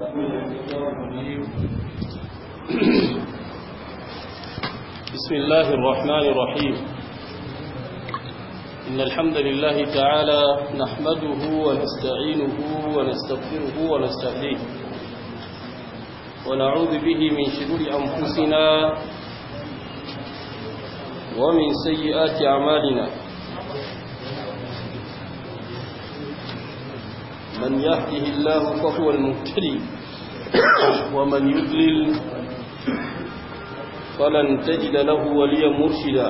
بسم الله الرحمن الرحيم إن الحمد لله تعالى نحمده ونستعينه ونستغفره ونستهديه ونعوذ به من شرور أنفسنا ومن سيئات أعمالنا من يهده الله فهو المهتدي ومن يضلل فلن تجد له وليا مرشدا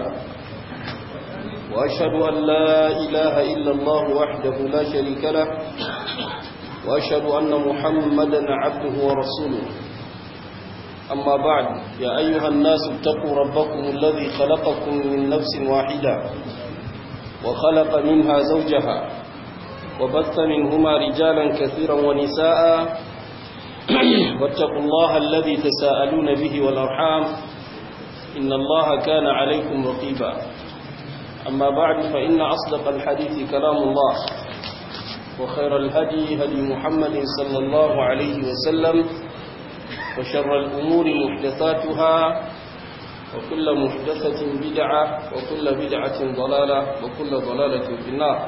وأشهد أن لا إله إلا الله وحده لا شريك له وأشهد أن محمدا عبده ورسوله أما بعد يا أيها الناس اتقوا ربكم الذي خلقكم من نفس واحدة وخلق منها زوجها وبث منهما رجالا كثيرا ونساء واتقوا الله الذي تساءلون به والأرحام إن الله كان عليكم رقيبا أما بعد فإن أصدق الحديث كلام الله وخير الهدي هدي محمد صلى الله عليه وسلم وشر الأمور محدثاتها وكل محدثة بدعة وكل بدعة ضلالة وكل ضلالة في النار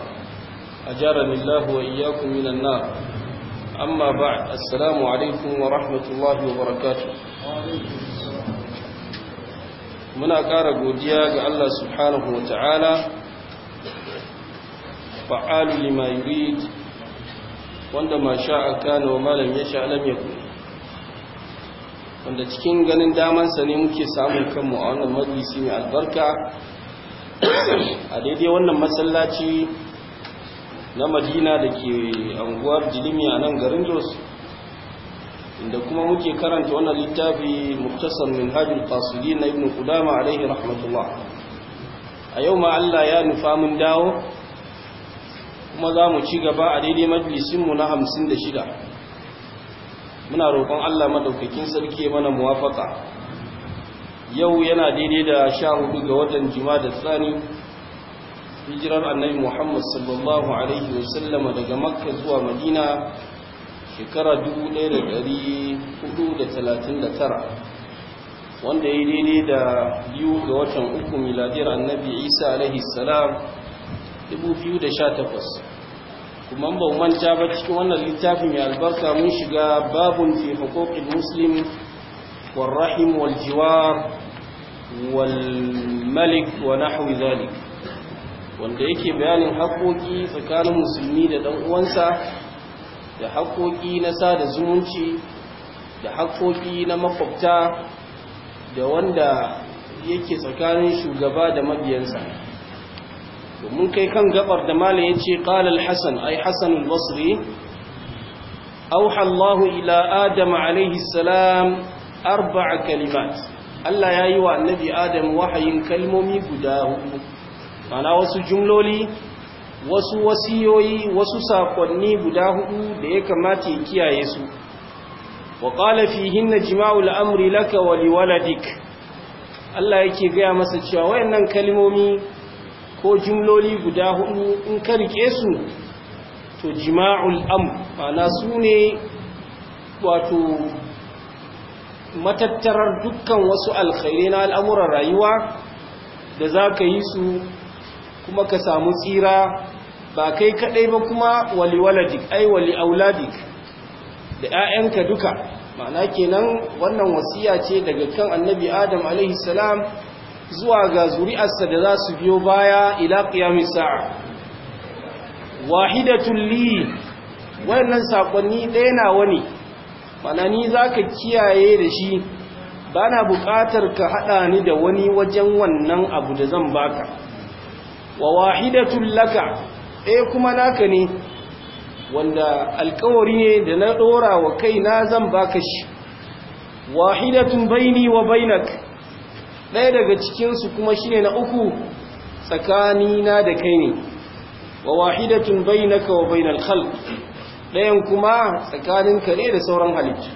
أجارني الله وإياكم من النار أما بعد السلام عليكم ورحمة الله وبركاته muna kara godiya ga Allah subhanahu wa ta'ala fa'alu lima yurid wanda ma sha'a kana wa malam wanda cikin ganin damansa ne muke samun kanmu a wannan majalisi mai albarka a daidai wannan masallaci na madina da ke anguwar jilimi a nan garin jos inda kuma muke karanta wannan littafi muktasar min hajjul fasiri na ibn kudama alaihi rahmatullah a yau ma allah ya nufa mun dawo kuma za mu ci gaba a daidai majalisinmu na hamsin da shida muna roƙon allah madaukakin sarki mana muwafaka yau yana daidai da sha hudu ga watan jima'a da tsani hijirar annabi muhammad sallallahu alaihi wasallama daga makka zuwa madina shekara 1439 wanda ya daidai da biyu ga watan uku miladiyar annabi isa alaihi salam 2018 kuma ba manta ba cikin wannan littafin mai albarka mun shiga babun fi hukukin muslim والرحم والجوار wa ونحو ذلك wanda yake bayanin haƙoƙi tsakanin musulmi da ɗan uwansa da haƙoƙi na sada zumunci da haƙoƙi na makwabta da wanda yake tsakanin shugaba da mabiyansa domin kai kan gabar da malam ya ce ƙalal hassan ai hassan al-basri auhallahu ila adam alaihi arba'a kalimat Allah ya yi wa annabi adam wahayin kalmomi guda hudu mana wasu jumloli wasu wasiyoyi wasu sakonni guda hudu da ya kamata ya kiyaye su wa qala hinna jima'ul amri laka wa liwaladik Allah yake gaya masa cewa wayannan kalmomi ko jumloli guda hudu in ka rike su to jima'ul amr mana su ne wato matattarar dukkan wasu alkhairai na al'amuran rayuwa da za ka yi su kuma ka samu tsira ba kai kadai ba kuma wali waladik ai wali auladik da 'ya'yanka duka ma'ana kenan wannan wasiya ce daga kan annabi adam alaihi salam zuwa ga zuri'arsa da za su biyo baya ila qiyamis sa'a wahidatul li wannan sakonni ɗaya na wani. ma'ana ni zaka kiyaye da shi bana buƙatar ka hada ni da wani wajen wannan abu da zan baka wa wahidatun laka eh kuma naka ne wanda alkawari ne da na dora wa kai na zan baka shi wahidatun baini wa bainak ɗaya daga cikinsu kuma shine na uku tsakanina da kai ne wa wahidatun bainaka wa bainal khalq ɗayan kuma tsakaninka ne da sauran halittu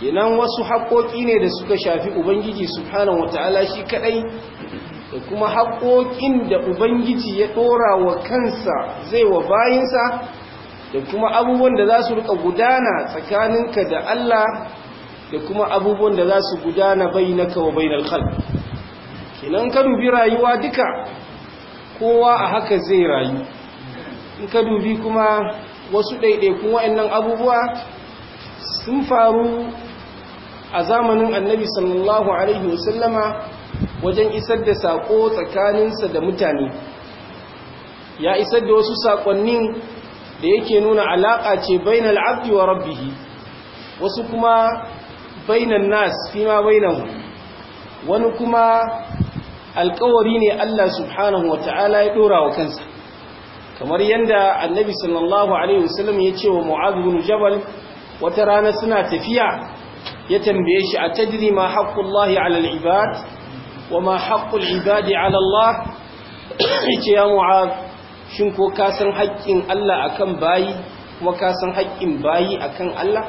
kenan wasu haƙoƙi ne da suka shafi ubangiji subhanahu wataala shi kadai da kuma haƙoƙin da ubangiji ya ɗora wa kansa zai wa bayinsa da kuma abubuwan da za su rika gudana tsakaninka da Allah da kuma abubuwan da za su gudana bai bainaka bai na khalq kinan ka dubi rayuwa duka kowa a haka zai rayu in ka dubi kuma wasu ɗaiɗaikun wa'annan abubuwa sun faru a zamanin annabi sallallahu alaihi wasallama wajen isar da saƙo tsakaninsa da mutane ya isar da wasu saƙonnin da yake nuna alaƙa ce bainal abdi wa rabbihi wasu kuma bainan nas fi ma wani kuma alƙawari ne Allah subhanahu wata'ala ya ɗora wa kansa kamar yadda annabi sallallahu alaihi wasallam ya ce wa mu'adh bin jabal wata rana suna tafiya ya tambaye shi a tajri ma haqqullahi 'alal ibad وما حق العباد على الله يا معاذ shin ko ka san haƙƙin Allah akan bayi kuma ka san haƙƙin bayi akan Allah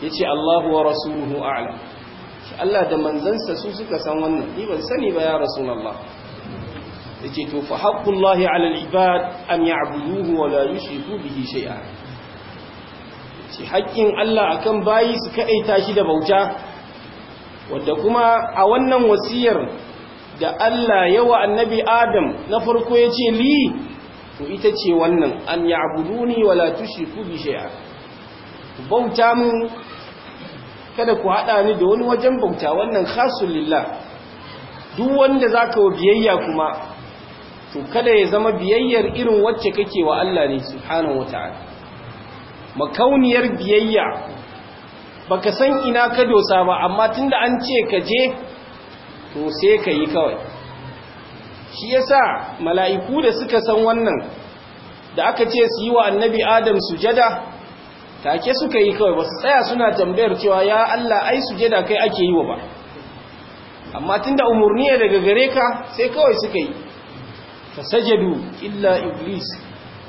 yace Allahu wa rasuluhu a'lam Allah da manzansa su suka san wannan ni ban sani ba ya rasulullah yace to fa haqqullahi 'ala al-ibad an ya'buduhu wa la yushriku bihi shay'a shi haƙƙin Allah akan bayi su ta shi da bauta wadda kuma a wannan wasiyar da Allah yawa annabi Adam na farko ya ce li to ita ce wannan an ya abuduni wala ku bi shay'a bauta mu kada ku hada ni da wani wajen bauta wannan khasul lillah duk wanda zaka wa biyayya kuma to kada ya zama biyayyar irin wacce kake wa Allah ne subhanahu wataala makauniyar biyayya baka san ina ka dosa ba amma tunda an ce ka je to sai ka yi kawai shi yasa mala'iku da suka san wannan da aka ce su yi wa annabi adam sujada take suka yi kawai ba su tsaya suna tambayar cewa ya Allah ai sujada kai ake yi wa ba amma tunda umarni ne daga gare ka sai kawai suka yi fasajadu illa iblis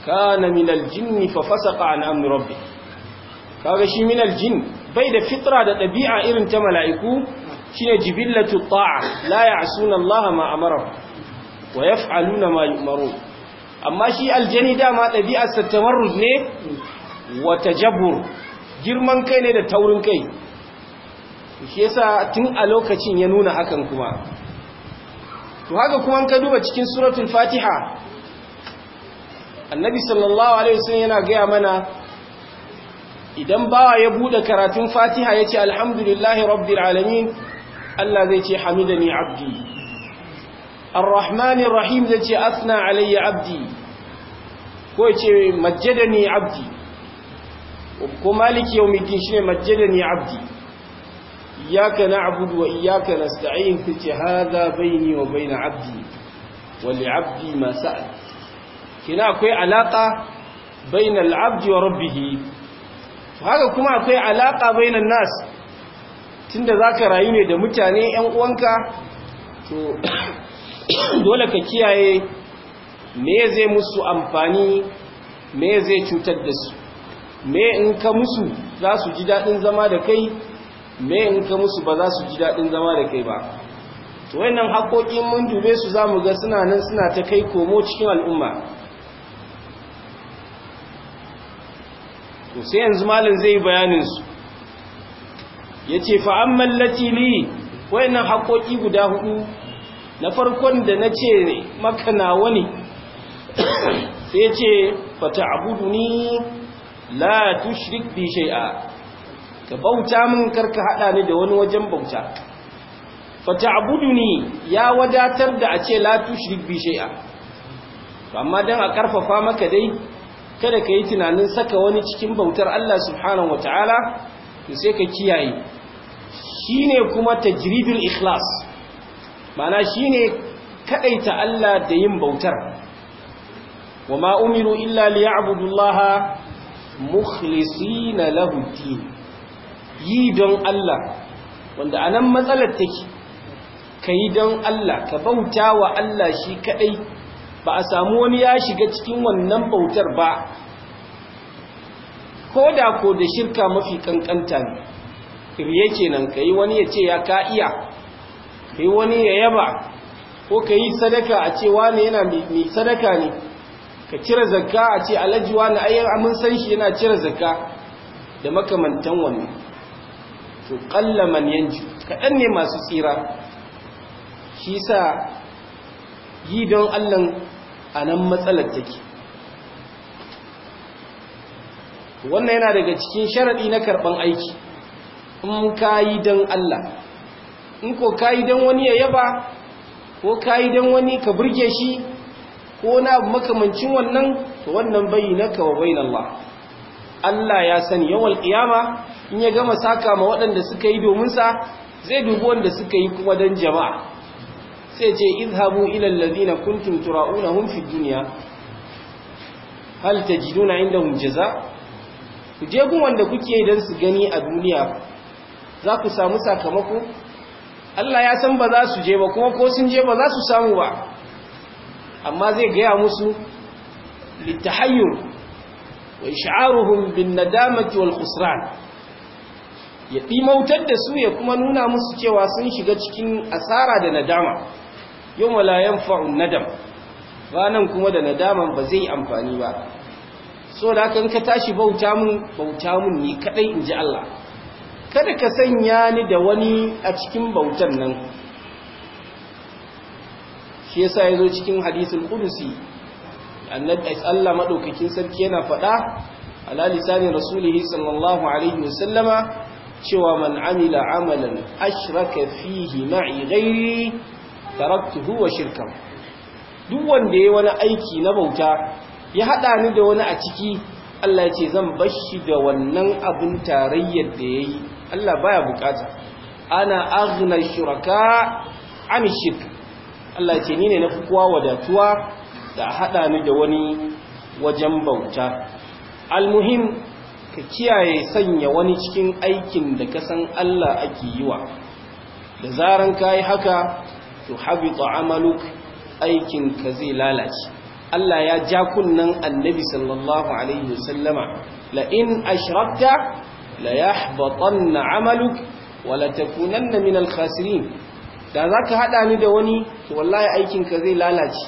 kana minal jinni fa fasaqa an amri rabbi kaga shi minal jini bai da fitra da ɗabi'a irin ta mala'iku shine jibillatu ta'a la ya'suna Allah ma amara wa fa’alu na maro. amma shi aljani dama ɗabi'arsa tamarruz ne wa jabur girman kai ne da taurin kai shi yasa tun a lokacin ya nuna hakan kuma to haka kuma ka duba cikin suratul fatiha annabi sallallahu alaihi wasallam yana gaya mana idan bawa ya bude karatun fatiha ya ce alhamdulillahi rabbil alamin Allah zai ce hamidani abdi arrahmanir rahim zai ce asna alayya abdi ko ya ce majjadani abdi ko maliki shi ne shine majjadani abdi iyyaka abudu, wa iyyaka nasta'in kace hadha bayni wa bayna abdi wa li abdi ma sa'al kina akwai alaka bainal abdi wa rabbih haka kuma akwai alaka bainan nas tunda ka rayu ne da mutane 'yan uwanka to dole ka kiyaye me zai musu amfani me zai cutar da su me in ka musu za su ji daɗin zama da kai me in ka musu ba za su ji daɗin zama da kai ba to wannan haƙoƙin mun dube su za mu ga suna nan suna ta kai komo cikin al'umma to sai yanzu malam zai bayanin su yace fa amman lati li wayannan haƙoƙi guda hudu na farkon da nace maka nawa ne sai yace fa ta'buduni la tushrik bi shay'a ka bauta min karka hada ni da wani wajen bauta fa ta'buduni ya wadatar da a ce la tushrik bi shay'a amma dan a karfafa maka dai kada ka yi tunanin saka wani cikin bautar Allah subhanahu ta'ala, sai ka kiyaye ne kuma tajridul ikhlas mana shine kaɗaita Allah da yin bautar Wa maumiru illa liya'budu abudullaha mukhlisina lahu yi don Allah wanda anan matsalar take yi don Allah ka bauta wa Allah shi kaɗai. ba a samu wani ya shiga cikin wannan bautar ba ko da ko da shirka mafi kankanta ne kirye ka yi wani ya ce ya ka iya kai wani ya yaba ko ka yi sadaka a ce wani yana mai sadaka ne ka cire zakka a ce alhaji wani ayyar amin san shi yana cire zakka da makamantan wannan to kalla man yanju kaɗan ne masu tsira shi sa yi don allan a nan matsalar take wannan yana daga cikin sharaɗi na karɓan aiki in ka yi don Allah in ko ka yi don wani ya yaba ko ka yi don wani ka burge shi ko na makamancin wannan to wannan bayi na wa Allah Allah ya sani yawan ƙiyama in ya gama saka ma waɗanda suka yi domin sa zai dubi wanda suka yi kuma don jama'a sai ce izhabu ila allazina kuntum tura'unahum fi dunya hal tajiduna indahum jaza ku je gun wanda kuke dan su gani a duniya za ku samu sakamako Allah ya san ba za su je ba kuma ko sun je ba za su samu ba amma zai gaya musu litahayyur wa ish'aruhum bin nadamati wal khusran ya mautar da su ya kuma nuna musu cewa sun shiga cikin asara da nadama yau malayan fa'un nadam ranan kuma da nadaman ba zai amfani ba so da kan ka tashi bauta mun bauta mun ne kadai in ji Allah kada ka sanya ni da wani a cikin bautan nan shi yasa yazo cikin hadisul qudsi annabi Allah madaukakin sarki yana faɗa ala lisani rasulihi sallallahu alaihi wasallama cewa man amila amalan ashraka fihi ma'i ghairi taraktuhu wa shirkan duk wanda ya wani aiki na bauta ya hada ni da wani a ciki Allah ya ce zan bashi da wannan abin tarayyar da yayi Allah baya bukata ana aghna shuraka an shirk Allah ya ce ni ne na fi kowa wadatuwa da hada ni da wani wajen bauta almuhim ka kiyaye sanya wani cikin aikin da ka san Allah ake yiwa da zaran kayi haka to habita amaluk aikin ka zai lalace Allah ya ja kunnan annabi sallallahu alaihi wasallama la in ashrakta la yahbatanna amaluk wa la takunanna min al-khasirin da zaka hada ni da wani to wallahi aikin ka zai lalace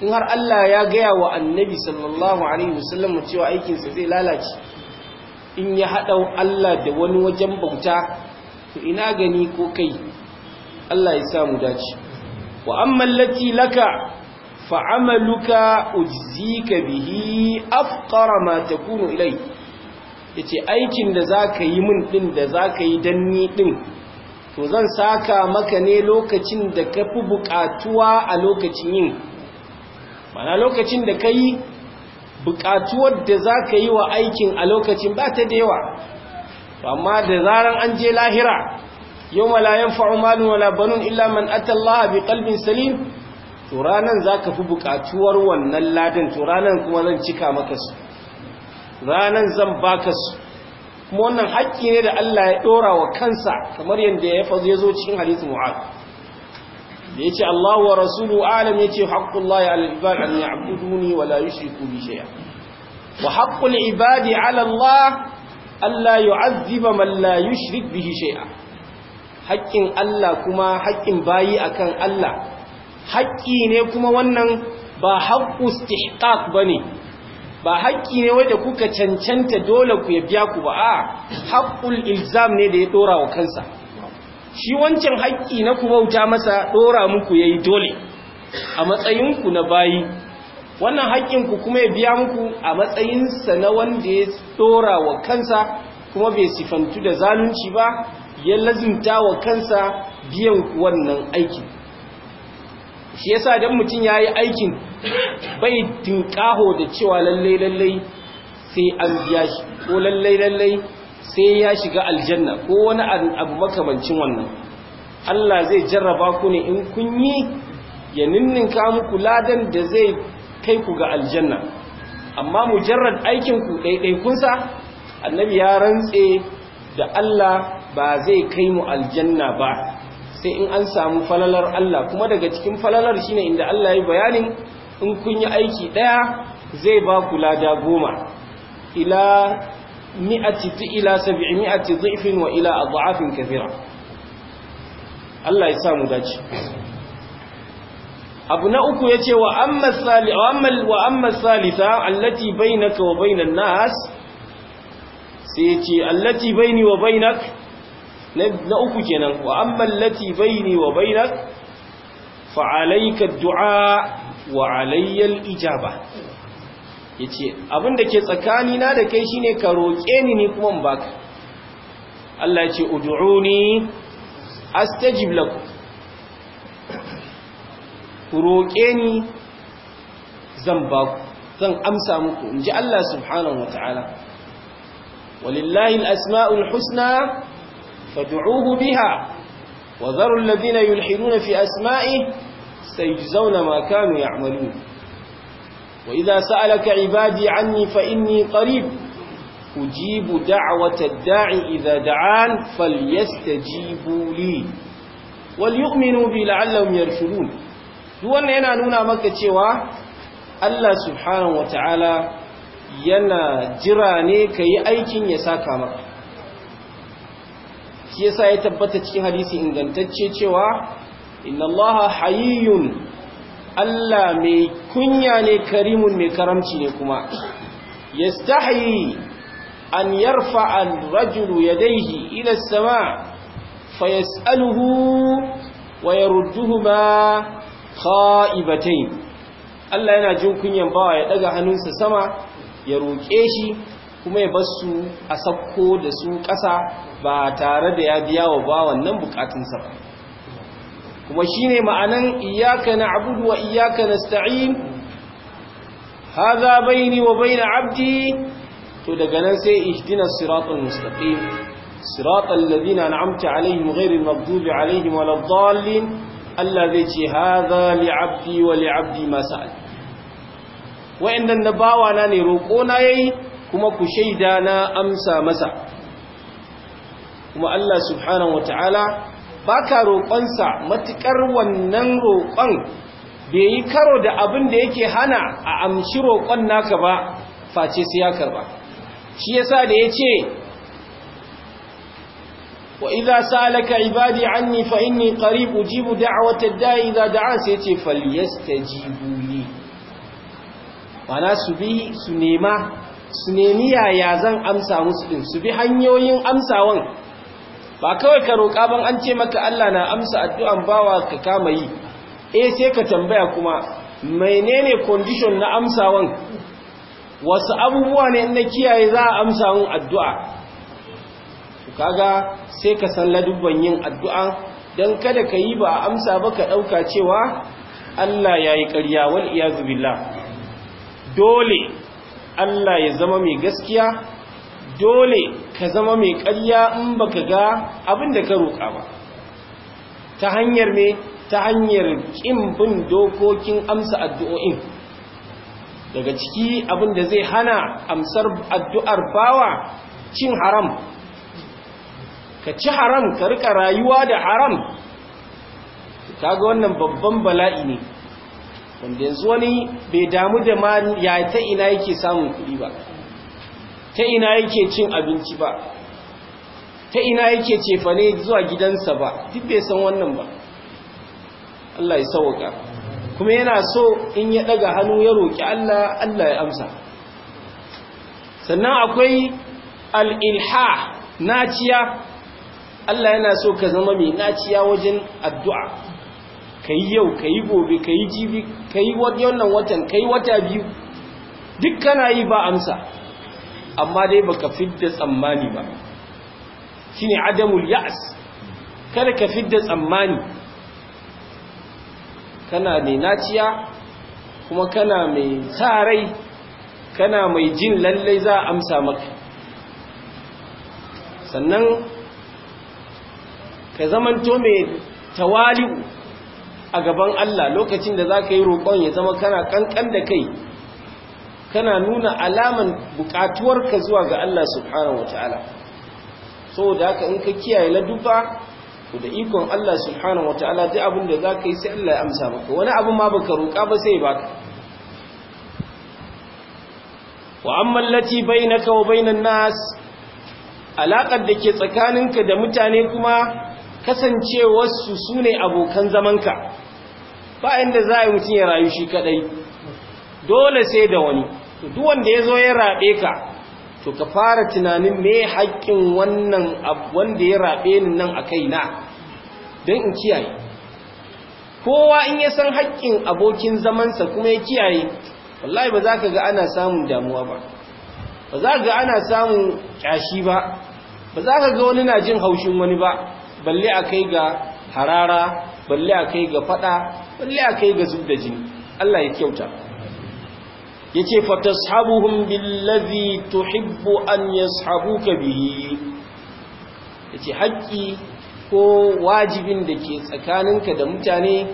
in har Allah ya gaya wa annabi sallallahu alaihi wasallam cewa aikin sa zai lalace in ya haɗa Allah da wani wajen bauta to ina gani ko kai Allah ya sa mu dace wa amma lati laka fa amaluka ujzika bihi afqara ma takunu ilai yace aikin da zaka yi min din da zaka yi dan ni din to zan saka maka ne lokacin da ka fi bukatuwa a lokacin yin mana lokacin da ka bukatuwar da zaka yi wa aikin a lokacin ba ta da yawa amma da zaran an je lahira Yau malayan yanfa'u malun wala banun illa man ata Allah bi qalbin salim to ranan zaka fi bukatuwar wannan ladan to ranan kuma zan cika maka su ranan zan baka su kuma wannan haƙƙi ne da Allah ya dora wa kansa kamar yadda ya fazo yazo cikin hadisin Mu'adh da yace ce wa rasulu alam ya ce haƙƙun laye al'ibad an ya abuduni wa la yushriku bi shay'a wa haƙƙun ibadi ala Allah Allah yu'azziba man la yushrik bihi shay'a haƙƙin Allah kuma haƙƙin bayi akan Allah haƙƙi ne kuma wannan ba haƙƙu istihqaq bane ba haƙƙi ne wanda kuka cancanta dole ku biya ku ba a haƙƙul ilzam ne da ya dora wa kansa shi wancan haƙƙi na ku bauta masa dora muku yayi dole a matsayinku na bayi wannan haƙƙin ku kuma ya biya muku a matsayinsa na wanda ya dora wa kansa kuma bai sifantu da zalunci ba ya lazimta wa kansa biyan wannan aikin shi yasa don mutum ya yi aikin bai tinkaho da cewa lallai-lallai sai an biya shi ko lallai lallai sai ya shiga aljanna ko wani abu makamancin wannan Allah zai jarraba ku ne in kun yi ya ninninka muku ladan da zai kai ku ga aljanna amma mujarrad aikinku ku ɗaiɗaikunsa annabi ya rantse da Allah ba zai kai mu aljanna ba sai in an samu falalar Allah kuma daga cikin falalar shine inda Allah ya bayanin in kun yi aiki daya zai ba ku lada goma ila mi'ati ila sab'imi'ati dhifin wa ila adhafin kathira Allah ya samu dace abu na uku yace wa amma salih wa amma salisa allati bainaka wa bainan nas sai yace allati baini wa bainak na uku kenan wa amman lati baini wa bainak fa alayka dua wa alayya al yace abinda ke tsakani na da kai shine ka roke ni ne kuma in baka Allah yace ud'uni astajib lakum ku roke ni zan ku. zan amsa muku inji Allah subhanahu wataala walillahi al-asma'ul husna فدعوه بها وذروا الذين يلحدون في أسمائه سيجزون ما كانوا يعملون وإذا سألك عبادي عني فإني قريب أجيب دعوة الداعي إذا دعان فليستجيبوا لي وليؤمنوا بي لعلهم يرشدون دون أن nuna مكة شوى الله سبحانه وتعالى ينا جراني كي ka يساكا مكة shi yasa ya tabbata cikin hadisi ingantacce cewa inna allaha hayyun Allah mai kunya ne karimun mai karamci ne kuma yastahi an yarfa an rajulu yadayhi ila as-sama' fayas'aluhu wa yarudduhuma kha'ibatayn Allah yana jin kunyan bawa ya daga hannunsa sama ya roke shi kuma ya basu a sakko da su ƙasa ba tare da ya biya wa bawan nan bukatunsa ba kuma ne ma'anan iyyaka na'budu wa iyyaka nasta'in hadha bayni wa bayna 'abdi to daga nan sai ihdinas siratal mustaqim siratal ladina an'amta alaihim ghairil maghdubi alaihim waladdallin Allah zai ce haza hadha Abdi wa li'abdi ma sa'al wa'annan nabawa na ne roƙo na yayi kuma ku shaida na amsa masa kuma Allah subhanahu wata'ala ba ka roƙonsa matuƙar wannan roƙon bai yi karo da abin da yake hana a amshi roƙon naka ba face sai ya karba shi yasa da ya ce wa idza salaka ibadi anni fa inni qarib ujibu da'watad da'i idza da'a sai ya ce ji li mana su bi su nema su nemi yaya zan amsa musu din su bi hanyoyin amsawan ba kawai ka roƙa ban an ce maka Allah na amsa addu'an bawa ka kama yi eh sai ka tambaya kuma menene condition na amsawan wasu abubuwa ne na kiyaye za a amsa mun addu'a kaga sai ka san ladubban yin addu'a don kada ka yi ba a amsa ba ka ɗauka cewa Allah ya yi ƙarya wal iyazu billah dole Allah ya zama mai gaskiya dole ka zama mai ƙarya in baka ga abin da ka roƙa ba ta hanyar me ta hanyar ƙin bin dokokin amsa addu'o'in daga ciki abin da zai hana amsar addu'ar bawa cin haram ka ci haram ka rika rayuwa da haram kaga wannan babban bala'i ne wanda yanzu wani bai damu da ma ya ta ina yake samun kudi ba ta ina yake cin abinci ba ta ina yake cefane zuwa gidansa ba duk bai san wannan ba Allah ya sauka kuma yana so in ya daga hannu ya roƙi Allah Allah ya amsa sannan akwai alilha naciya Allah yana so ka zama mai naciya wajen addu'a ka yi yau ka yi gobe ka yi jibi ka yi wannan watan ka yi wata biyu duk kana yi ba amsa amma dai baka fidda tsammani ba ne adamul ya'as kada ka fidda tsammani kana nenaciya naciya kuma kana mai sa rai kana mai jin lallai za amsa maka sannan ka zamanto mai tawali'u a gaban Allah lokacin da za ka yi roƙon ya zama kana ƙanƙan da kai kana nuna alaman buƙatuwarka zuwa ga Allah subhanahu wata'ala da haka in ka kiyaye ladubba ku da ikon Allah subhanahu wata'ala duk abin da za ka yi sai Allah ya amsa maka wani abin ma baka roƙa ba sai baka wa amma allati bainaka wa bainan nas alaƙar da ke tsakaninka da mutane kuma kasancewarsu su ne abokan zamanka ba inda za a mutum ya rayu shi kadai dole sai da wani duk wanda ya zo ya raɓe ka to ka fara tunanin me haƙƙin wannan wanda ya raɓe ni nan a kaina don in kiyaye kowa in ya san haƙƙin abokin zamansa kuma ya kiyaye wallahi ba za ka ga ana samun damuwa ba ba za ka ga ana samun ƙyashi ba ba za ka ga wani na jin haushin wani ba balle a kai ga harara balle a kai ga faɗa. balle a kai ga zub da jini Allah ya kyauta yace fatashabuhum billazi tuhibbu an yashabuka bihi yace haƙi ko wajibin da ke tsakaninka da mutane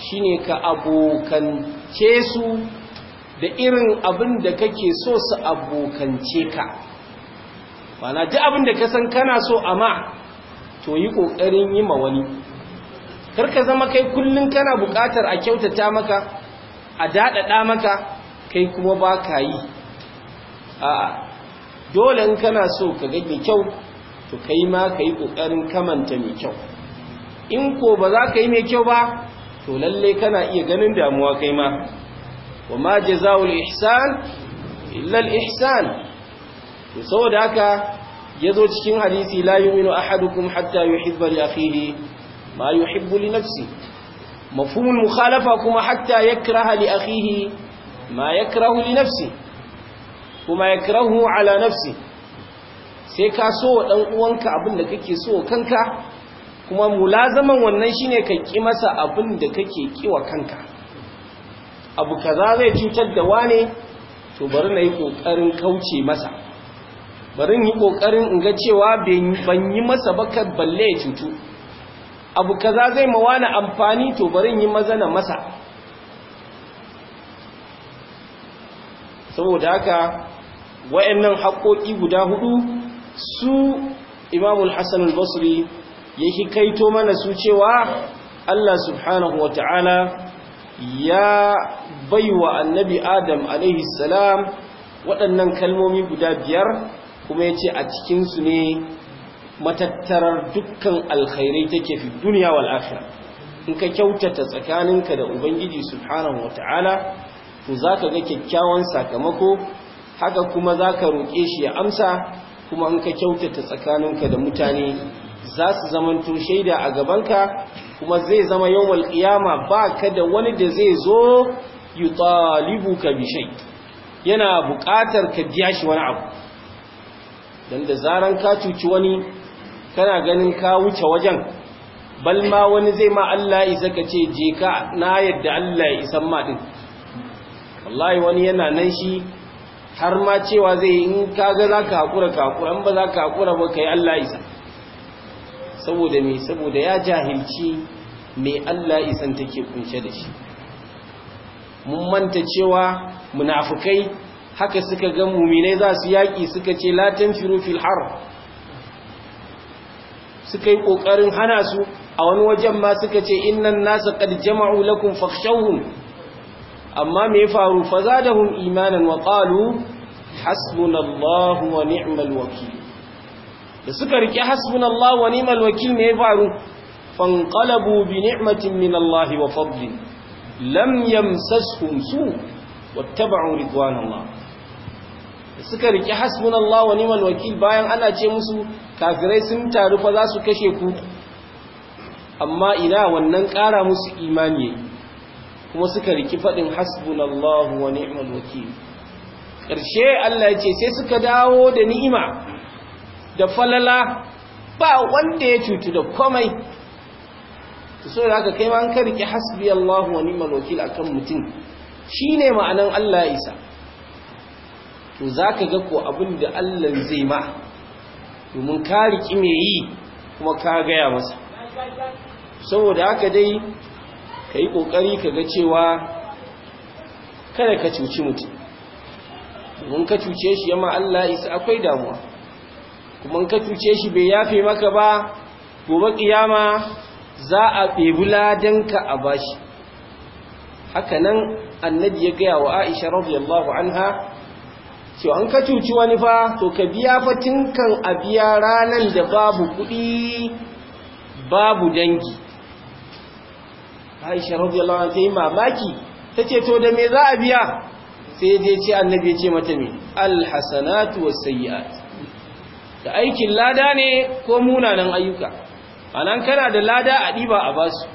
shine ka abokance su da irin abin da kake so su abokance ka Bana ji abin da ka san kana so amma to yi kokarin yi ma wani karka zama kai kullum kana buƙatar a kyautata maka a daɗaɗa maka kai kuma ba ka yi a dole in kana so ka ga mai kyau to kai ma ka yi ƙoƙarin kamanta mai kyau in ko ba za ka yi mai kyau ba to lalle kana iya ganin damuwa kai ma wa ma jazaul ihsan illa al ihsan to saboda haka yazo cikin hadisi la yu'minu ahadukum hatta yuhibba li akhihi ma yuhibbu li nafsi mafhumul mukhalafa kuma hatta yakraha li akhihi ma yakrahu li nafsi kuma yakrahu ala nafsi sai ka so wa dan uwanka abin da kake so kanka kuma mulazaman wannan shine ka ƙi masa abin da kake kiwa kanka abu ka za zai cutar da wane to bari na yi ƙoƙarin kauce masa bari yi ƙoƙarin in ga cewa ban yi masa bakar balle ya cutu abu kaza zai mawana amfani to barin yi mazana masa saboda haka wayannan haƙoƙi guda hudu su imamul hassan al-basri ya yake kaito mana su cewa Allah subhanahu wa ta'ala ya baiwa annabi adam alaihi salam waɗannan kalmomi guda biyar kuma ya ce a cikinsu ne matattarar dukkan alkhairai take fi duniya wal akhirah in ka kyautata tsakaninka da ubangiji subhanahu wataala to zaka ga kyakkyawan sakamako haka kuma zaka roke shi ya amsa kuma in ka kyautata tsakaninka da mutane za su zamanto shaida a gabanka kuma zai zama yawmal qiyama ka da wani da zai zo yutalibuka bi shay yana buƙatar ka biya shi wani abu dan da zaran ka cuci wani kana ganin ka wuce wajen bal ma wani zai ma Allah isa ka ce je ka na yadda Allah ya isan ma din wallahi wani yana nan shi har ma cewa zai in ka ga za ka haƙura ka haƙura ba za ka haƙura ba ka yi Allah isa saboda me saboda ya jahilci me Allah isan take kunshe da shi mun manta cewa munafukai haka suka ga muminai za su yaƙi suka ce latin firofil har suka yi ƙoƙarin hana su a wani wajen ma suka ce innan nasa qad jama'u lakum fakhshawhum amma me ya faru fa imanan wa qalu hasbunallahu wa ni'mal wakeel da suka rike hasbunallahu wa ni'mal wakeel me ya faru fanqalabu bi ni'matin min Allah wa fadlin lam yamsashum su wattaba'u ridwanallah suka riki Allah wa niman wakil bayan ana ce musu kafirai sun taru fa za su kashe ku amma ina wannan ƙara musu imani kuma suka riki faɗin Allah wa niman wakil ƙarshe Allah ya ce sai suka dawo da ni'ima da falala ba wanda ya cutu da komai so da haka kai ma an ka riki Allah wa niman wakil akan mutum shi ne ma'anan Allah ya isa to za ka ga ko abin da Allah zai ma domin ka riki mai yi kuma ka gaya masa saboda haka dai ka yi ƙoƙari ka ga cewa kada ka cuci mutum domin ka cuce shi yamma Allah isa akwai damuwa kuma ka cuce shi bai yafe maka ba gobe ƙiyama za a ɗebi ladanka a bashi haka nan annabi ya gaya wa aisha radiyallahu anha so an ka cuci wani fa to ka biya fatin kan a biya ranar da babu kuɗi babu dangi aisha radiyallahu anha ta mamaki ta ce to da me za a biya sai dai ce annabi ya ce mata me alhasanatu wasayyi'at da aikin lada ne ko munanan ayyuka anan kana da lada a diba a basu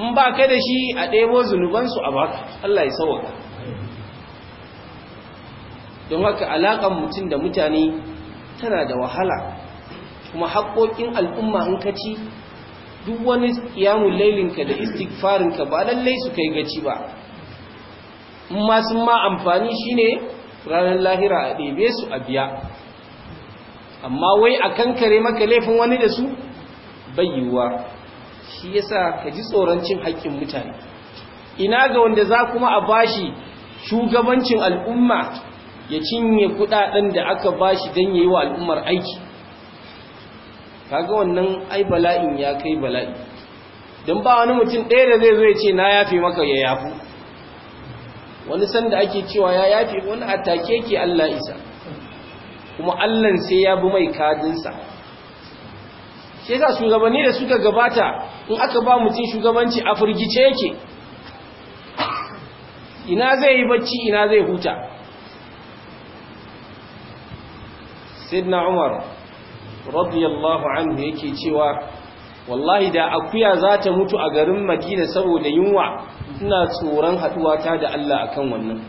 in ba ka da shi a ɗebo zunubansu a baka Allah ya sauwaka don haka alakan mutum da mutane tana da wahala kuma haƙoƙin al'umma in ka ci duk wani yamun lailinka da istikfarinka ba lallai su kai gaci ba in ma sun ma amfani shi ne ranar lahira a ɗebe su a biya amma wai a kan kare maka laifin wani da su bayyuwa shi yasa ka ji tsorancin cin haƙƙin mutane ina ga wanda za kuma a bashi shugabancin al'umma ya cinye kudaden da aka bashi don yi wa al'ummar aiki kaga wannan ai bala'in ya kai bala'i don ba wani mutum ɗaya da zai zai ce na yafe maka ya yafu wani sanda ake cewa ya yafe wani a take ke Allah isa kuma Allah sai ya bi mai kadinsa shi yasa shugabanni da suka gabata in aka ba mutum shugabanci a firgice yake ina zai yi bacci ina zai huta sidna umar radiyallahu anhu yake cewa wallahi da akuya za ta mutu a garin madina saboda yunwa ina tsoron haduwa ta da Allah akan wannan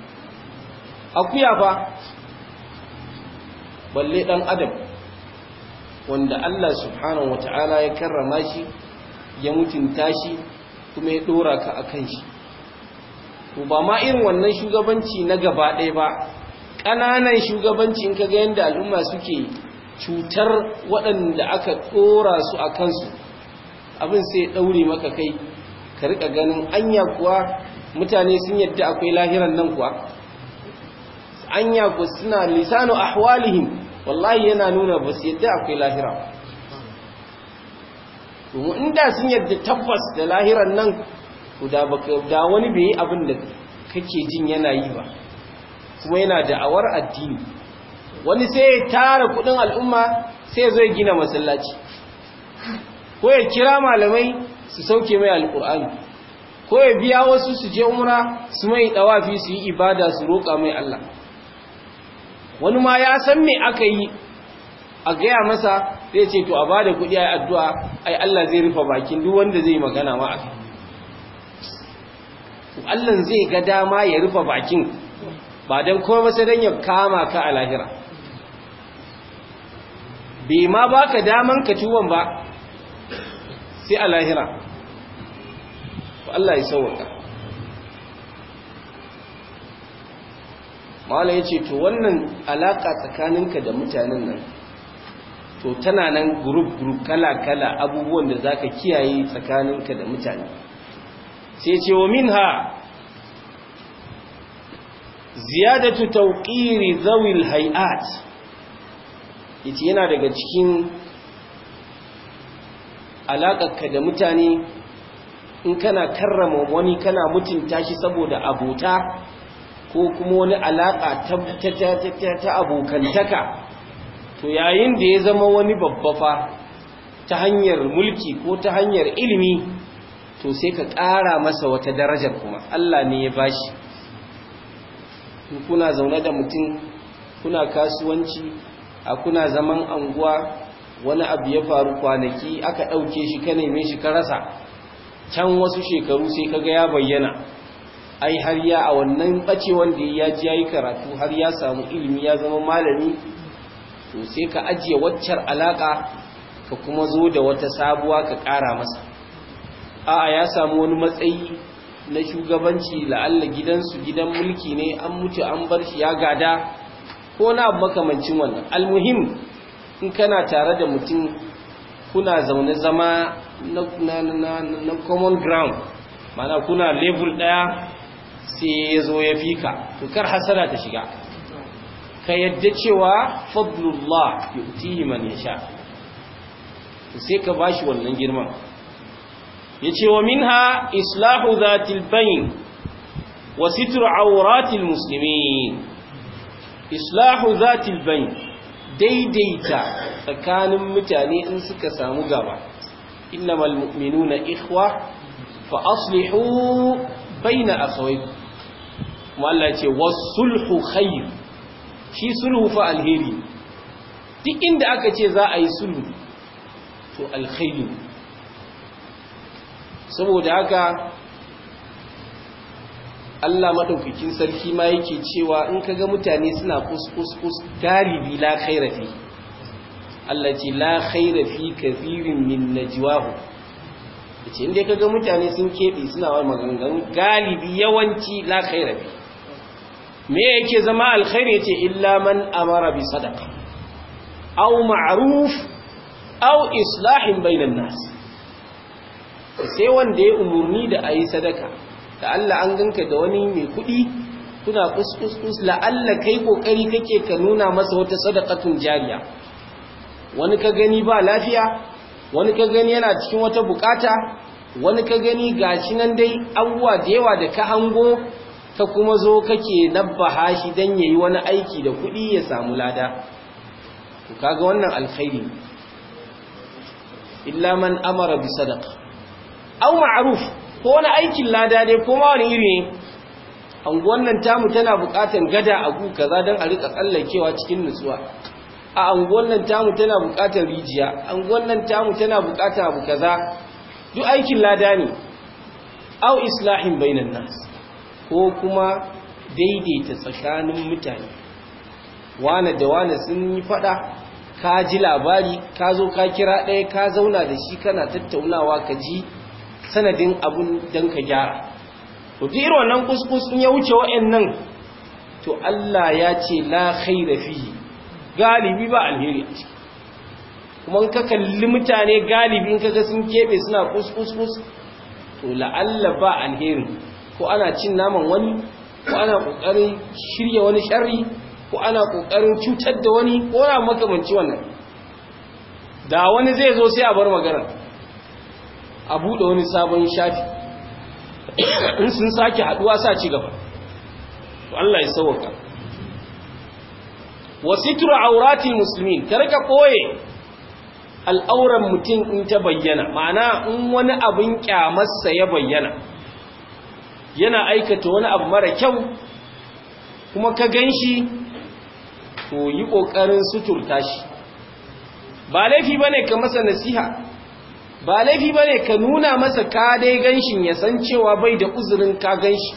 akuya fa balle dan adam wanda Allah subhanahu wataala ya karrama shi ya mutunta shi kuma ya dora ka akan shi to ba ma irin wannan shugabanci na gaba ɗaya ba ƙananan shugabancin in kaga yadda al'umma suke cutar waɗanda aka tsora su a kansu abin sai ɗaure maka kai ka riƙa ganin anya kuwa mutane sun yadda akwai lahiran nan kuwa anya ku suna lisanu ahwalihim wallahi yana nuna ba su yadda akwai lahira kuma inda sun yadda tabbas da lahiran nan da wani bai yi abin da kake jin yana yi ba kuma yana da'awar addini wani sai ya tara kudin al'umma sai zai gina masallaci ko ya kira malamai su sauke mai alkur'ani ko ya biya wasu su je umra su mai dawafi su yi ibada su roƙa mai Allah wani ma ya san me aka yi a gaya masa zai ce to a ba da kuɗi a yi addu'a ai Allah zai rufe bakin duk wanda zai magana ma a kai Allah zai ga dama ya rufe bakin ba don kuma sai don ya kama ka a lahira bai ma ba ka daman ka tuwon ba sai a lahira Ba Allah ya sauwaka ma'ala ya ce to wannan alaka tsakaninka da mutanen nan to tana nan gurub-gurub kala-kala abubuwan da za ka kiyaye tsakaninka da mutane sai ce wa min ha ziyadatu tawqiri zawil hay'at yace yana daga cikin alaƙarka da mutane in kana karrama wani kana mutunta shi saboda abota ko kuma wani alaƙa ta abokantaka to yayin da ya zama wani babba fa ta hanyar mulki ko ta hanyar ilimi to sai ka ƙara masa wata darajar kuma Allah ne ya bashi kuna zaune da mutum kuna kasuwanci a kuna zaman anguwa wani abu ya faru kwanaki aka ɗauke shi ka neme shi ka rasa can wasu shekaru sai ka ga ya bayyana ai har ya a wannan ɓace wanda ya ji ya yi karatu har ya samu ilimi ya zama malami to sai ka ajiye waccar alaƙa ka kuma zo da wata sabuwa ka ƙara masa A'a ya samu wani matsayi na shugabanci la'alla gidansu gidan mulki ne an mutu an bar shi ya gada ko na abu makamancin wannan almuhim in kana tare da mutum kuna zaune zama na common ground mana kuna level daya sai ya zo ya fika to kar hasara ta shiga ka yadda cewa fadlullah yu'tihi ya sha sai ka bashi wannan girman yace wa minha islahu zatil bayn wa sitru islahu daidaita tsakanin mutane in suka samu gaba innamal mu'minuna ikhwa fa aslihu baina akhawaykum kuma Allah ce wasulhu khair shi sulhu fa alheri duk inda aka ce za a yi sulhu to alkhairi saboda haka Allah madaukakin sarki ma yake cewa in kaga mutane suna kus kus galibi la khaira fi Allah ce la khaira fi kathirin min najwahu yace inda kaga mutane sun kebe suna wa maganganu galibi yawanci la khaira fi me yake zama alkhairi yace illa man amara bi sadaqa aw ma'ruf aw islahin bainan nas sai wanda ya umarni da a yi sadaka da Allah an ganka da wani mai kuɗi kuna kuskus la'alla kai kokari kake ka nuna masa wata sadakatun jariya wani ka gani ba lafiya wani ka gani yana cikin wata bukata wani ka gani ga shi nan dai abubuwa da yawa da ka hango ka kuma zo kake nabbaha shi dan yayi wani aiki da kuɗi ya samu lada Ku kaga wannan alkhairi illa man amara bi sadaqa au ma'ruf ko wani aikin lada ne ko ma wani iri ne anguwan nan tamu tana bukatan gada a gu kaza don a rika tsallakewa cikin nutsuwa a anguwan nan tamu tana bukatan rijiya anguwan nan tamu tana bukatan abu kaza duk aikin lada ne au islahin bainan nas ko kuma daidaita tsakanin mutane wane da wane sun yi fada ka ji labari ka zo ka kira ɗaya ka zauna da shi kana tattaunawa ka ji sanadin abun don ka gyara to duk irin wannan kuskus in ya wuce wa'annan to Allah ya ce la khaira fihi galibi ba alheri a ciki kuma in ka kalli mutane galibin ka kaga sun kebe suna kuskus to la'alla ba alheri ko ana cin naman wani ko ana kokarin shirya wani sharri ko ana kokarin cutar da wani ko na makamanci wannan da wani zai zo sai a bar magana a buɗe wani sabon shafi in sun sake haɗuwa sa ci gaba Allah ya sauwaka wasitru aurati muslimin ka koye al'auran mutum in ta bayyana ma'ana in wani abin kyamarsa ya bayyana yana aikata wani abu mara kyau kuma ka gan shi to yi ƙoƙarin suturta shi ba laifi ba ne ka masa nasiha ba laifi ba ne ka nuna masa ka dai ganshin ya san cewa bai da uzurin ka ganshi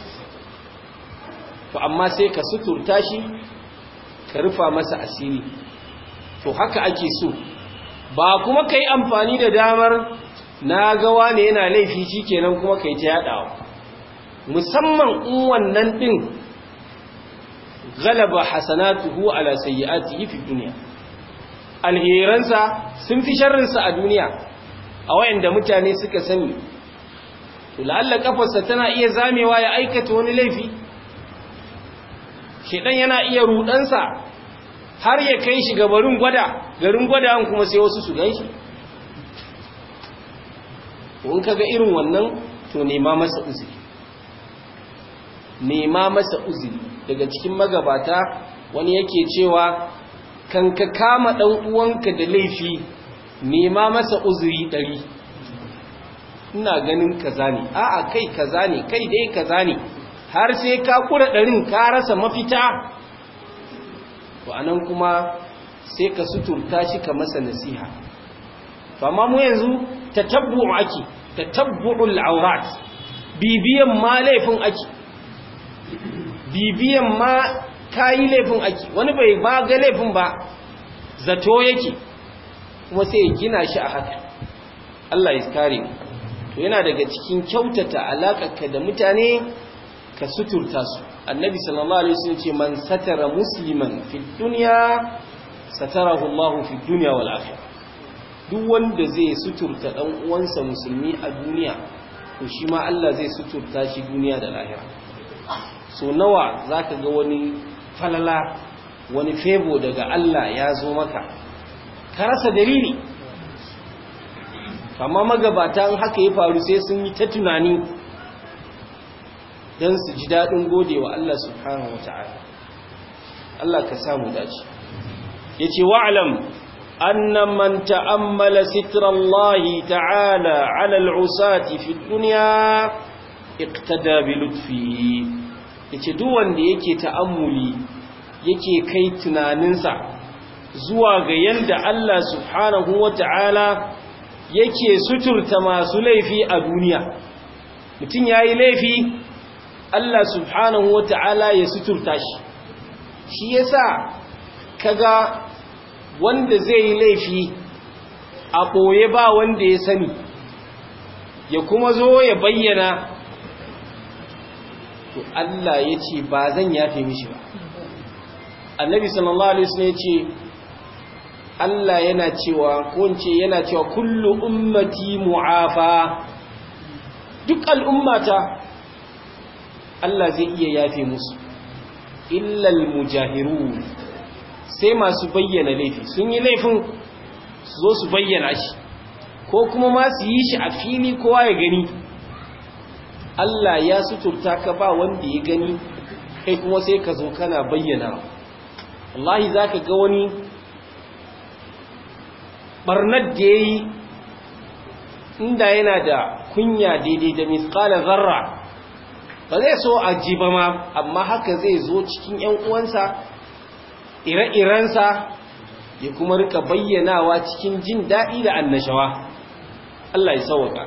to amma sai ka suturta shi ka rufa masa asiri to haka ake so ba kuma ka yi amfani da damar na gawa ne yana laifi shi kenan kuma ka yi ta yaɗawa musamman in wannan ɗin galaba hasanatuhu ala sayyi'atihi fi duniya alheransa sun fi sharrinsa a duniya a wayanda mutane suka sani to la'alla kafarsa tana iya zamewa ya aikata wani laifi shedan yana iya rudansa har ya kai shi ga barin gwada garin gwada an kuma sai wasu su ganshi in kaga irin wannan to nema masa uzuri nema masa uzuri daga cikin magabata wani yake cewa kan ka kama dan uwanka da laifi nema masa uzuri ɗari ina ganin kaza ne a'a kai kaza ne kai dai kaza ne har sai ka kura ɗarin ka rasa mafita ba nan kuma sai ka suturta shi ka masa nasiha to amma mu yanzu tatabbu'u ake tabbu aurat bibiyan ma laifin ake bibiyan ma yi laifin ake wani bai ba ga laifin ba zato yake kuma sai ya gina shi a haka Allah ya kare mu to yana daga cikin kyautata alakarka da mutane ka suturta su annabi sallallahu alaihi wasallam ce man satara musliman fi dunya satarahu Allah fi dunya wal akhirah duk wanda zai suturta dan uwansa musulmi a duniya to shi ma Allah zai suturta shi duniya da lahira so nawa zaka ga wani falala wani febo daga Allah ya zo maka ka rasa dalili amma magabata haka ya faru sai sun yi ta tunani don su ji daɗin gode wa Allah subhanahu wa ta'ala Allah ka samu daji. ya ce wa'alam annan man ta'ammala sitrallahi ta'ala alal usati fi duniya iqtada bi lutfi ya ce duwanda yake ta'ammuli yake kai tunaninsa zuwa ga yadda Allah subhanahu wata'ala yake suturta masu laifi a duniya mutum ya yi laifi Allah subhanahu wata'ala ya suturta shi shi ya yasa kaga wanda zai yi laifi a ɓoye ba wanda ya sani ya kuma zo ya bayyana to Allah ya ce ba zan yafe mishi ba annabi sallallahu alaihi wasallam ya ce Allah yana cewa kunce yana cewa kullu ummati mu'afa duk al'ummata Allah zai iya yafe musu illal mujahiru sai masu bayyana laifi sun yi laifin su zo su bayyana shi ko kuma ma su yi shi a fili kowa ya gani Allah ya suturta ka ba wanda ya gani kai kuma sai ka zo kana bayyana wallahi ka ga wani barnar da ya yi inda yana da kunya daidai da miskala zarra ba zai so a ji ba ma amma haka zai zo cikin 'yan uwansa ire-irensa ya kuma rika bayyanawa cikin jin daɗi da annashawa Allah ya sauwaka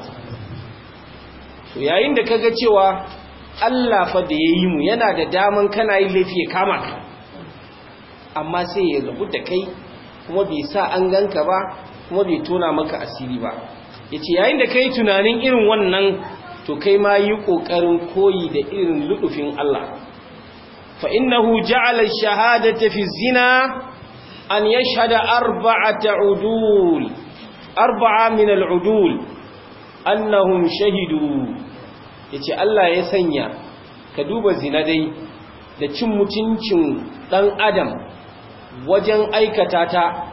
to yayin da kaga cewa Allah fa da yayi mu yana da daman kana yi laifi ya kama amma sai ya rabu da kai kuma bai sa an ganka ba kuma bai tona maka asiri ba Ya ce yayin da ka yi tunanin irin wannan to kai ma yi kokarin koyi da irin luɗufin Allah fa innahu ja'ala ash-shahadata fi zina an yashhada arba'ata udul arba'a min al-udul annahum shahidu yace Allah ya sanya ka duba zina dai da cin mutuncin ɗan adam wajen aikata ta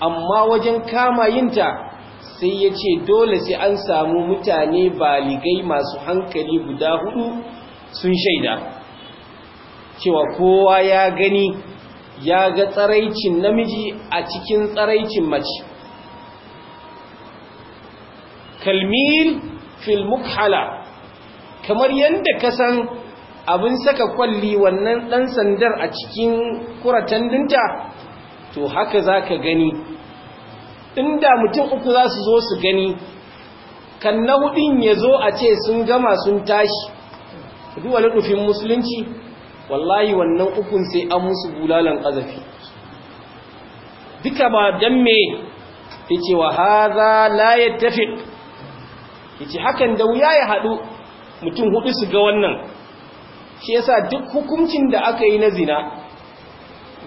amma wajen kama yinta sai ya ce dole sai an samu mutane baligai masu hankali guda hudu sun shaida cewa kowa ya gani ya ga tsaraicin namiji a cikin tsaraicin mace kalmil fil mukhala kamar yadda ka san abin saka kwalli wannan ɗan sandar a cikin kuratan dinta to haka za ka gani inda mutum uku za su zo su gani kan na hudun ya zo a ce sun gama sun tashi duk wani nufin musulunci wallahi wannan ukun sai an musu bulalan ƙazafi duka ba don me ya ce wa haza la ya tafi ya ce hakan da wuya ya haɗu mutum hudu su ga wannan shi yasa duk hukuncin da aka yi na zina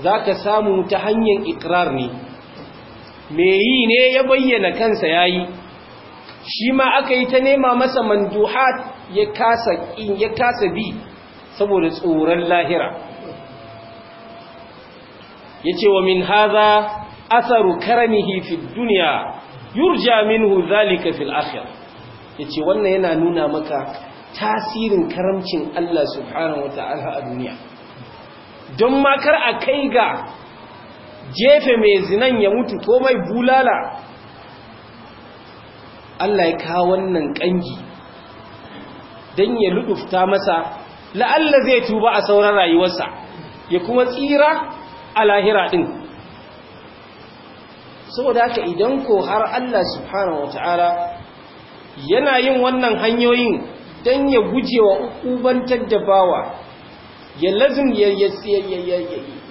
za ka samu ta hanyar ikirar ne me yi ne ya bayyana kansa ya yi shi ma aka yi ta nema masa manduhat ya kasa in ya kasa bi saboda tsoron lahira ya ce wa min haza asaru karamihi fi duniya yurja minhu zalika fil akhir ya ce wannan yana nuna maka tasirin karamcin Allah subhanahu wata'ala a duniya don makar a kai ga jefe mai zinan ya mutu ko mai bulala Allah ya kawo wannan kangi don ya luɗufta masa la'alla zai tuba a sauran rayuwarsa ya kuma tsira a lahira ɗin saboda haka idan ko har Allah subhanahu wata'ala yana yin wannan hanyoyin don ya guje wa ubantar da bawa ya lazim ya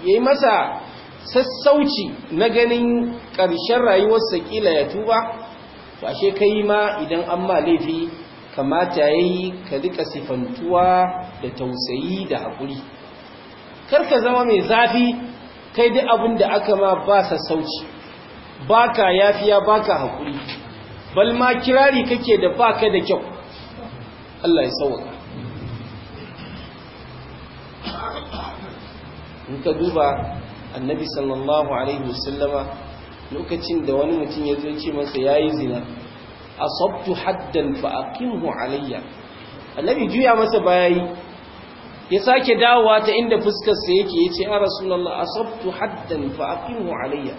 yi masa sassauci na ganin ƙarshen rayuwarsa ƙila ya tuba ba shi ka ma idan an ma laifi kamata ya yi ka riƙa sifantuwa da tausayi da haƙuri karka zama mai zafi kai duk abin da aka ma ba sassauci ba ka yafiya ba ka haƙuri balma kirari kake da ba ka da kyau Allah ya sauwaka in ka duba annabi sallallahu alaihi wasallama lokacin da wani mutum ya zoce masa ya yi zina a sabtu haddan fa aqimhu alayya annabi juya masa bayayi ya sake dawowa ta inda fuskar sa yake a rasulallah a sabtu haddan fa aqimhu alayya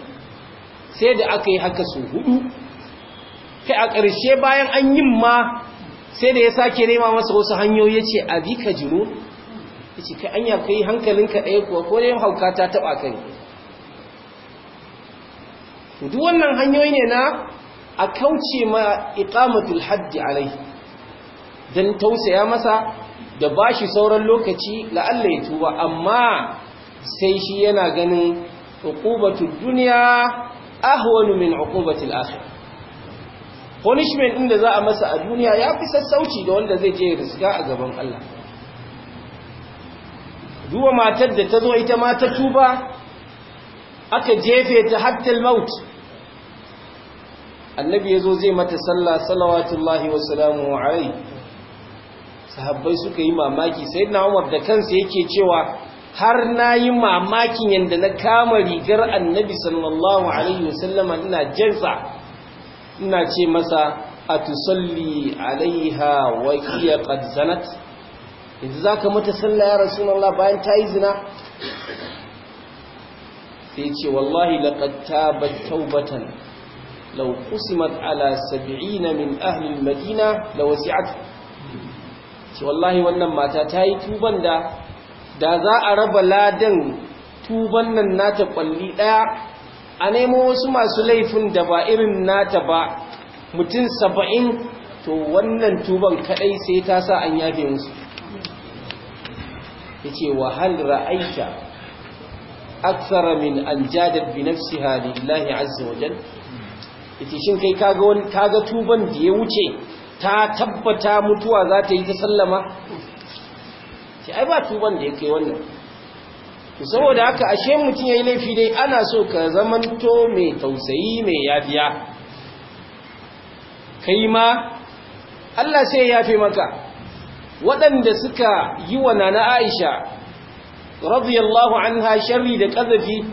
sai da aka yi haka su hudu kai a ƙarshe bayan an yin ma sai da ya sake nema masa wasu hanyoyi ya ce a bi ka jino ya ce ka anya ka yi hankalinka ɗaya kuwa ko yin hauka ta taɓa ka ne duk wannan hanyoyi ne na a kauce ma iqamatul haddi alai dan tausaya masa da bashi sauran lokaci la'alla ya tuba amma sai shi yana ganin uqubatud dunya ahwanu min uqubatil akhirah punishment ɗin da za a masa a duniya ya fi sassauci da wanda zai je riska a gaban Allah duba matar da ta zo ita ma ta tuba aka jefe ta hattal maut annabi ya zo zai mata sallah salawatullahi wasalamu alai sahabbai suka yi mamaki sai na umar da kansa yake cewa har na yi mamakin yadda na kama rigar annabi sallallahu alaihi wasallama ina jinsa ina ce masa a tusalli alaiha wa hiya qad zanat yanzu zaka mata sallah ya bayan ta yi zina sai ce wallahi laqad tabat taubatan law qusimat ala 70 min ahli almadina lawasi'at ce wallahi wannan mata ta yi tuban da da za a raba ladan tuban nan nata kwalli ɗaya. a nemo wasu masu laifin da ba irin nata ba mutum saba'in to wannan tuban kadai sai ta sa an yafe musu ya ce wahal ra'aita aksara min an jadar bi Hali, halillahi azza wajen ya ce shin kai kaga tuban da ya wuce ta tabbata mutuwa za ta yi ta sallama ce ai ba tuban da ya kai wannan saboda haka ashe mutum ya yi laifi dai ana so ka zamanto mai tausayi mai yafiya kai ma Allah sai ya yafe maka waɗanda suka yi wa nana Aisha radiyallahu anha sharri da kazafi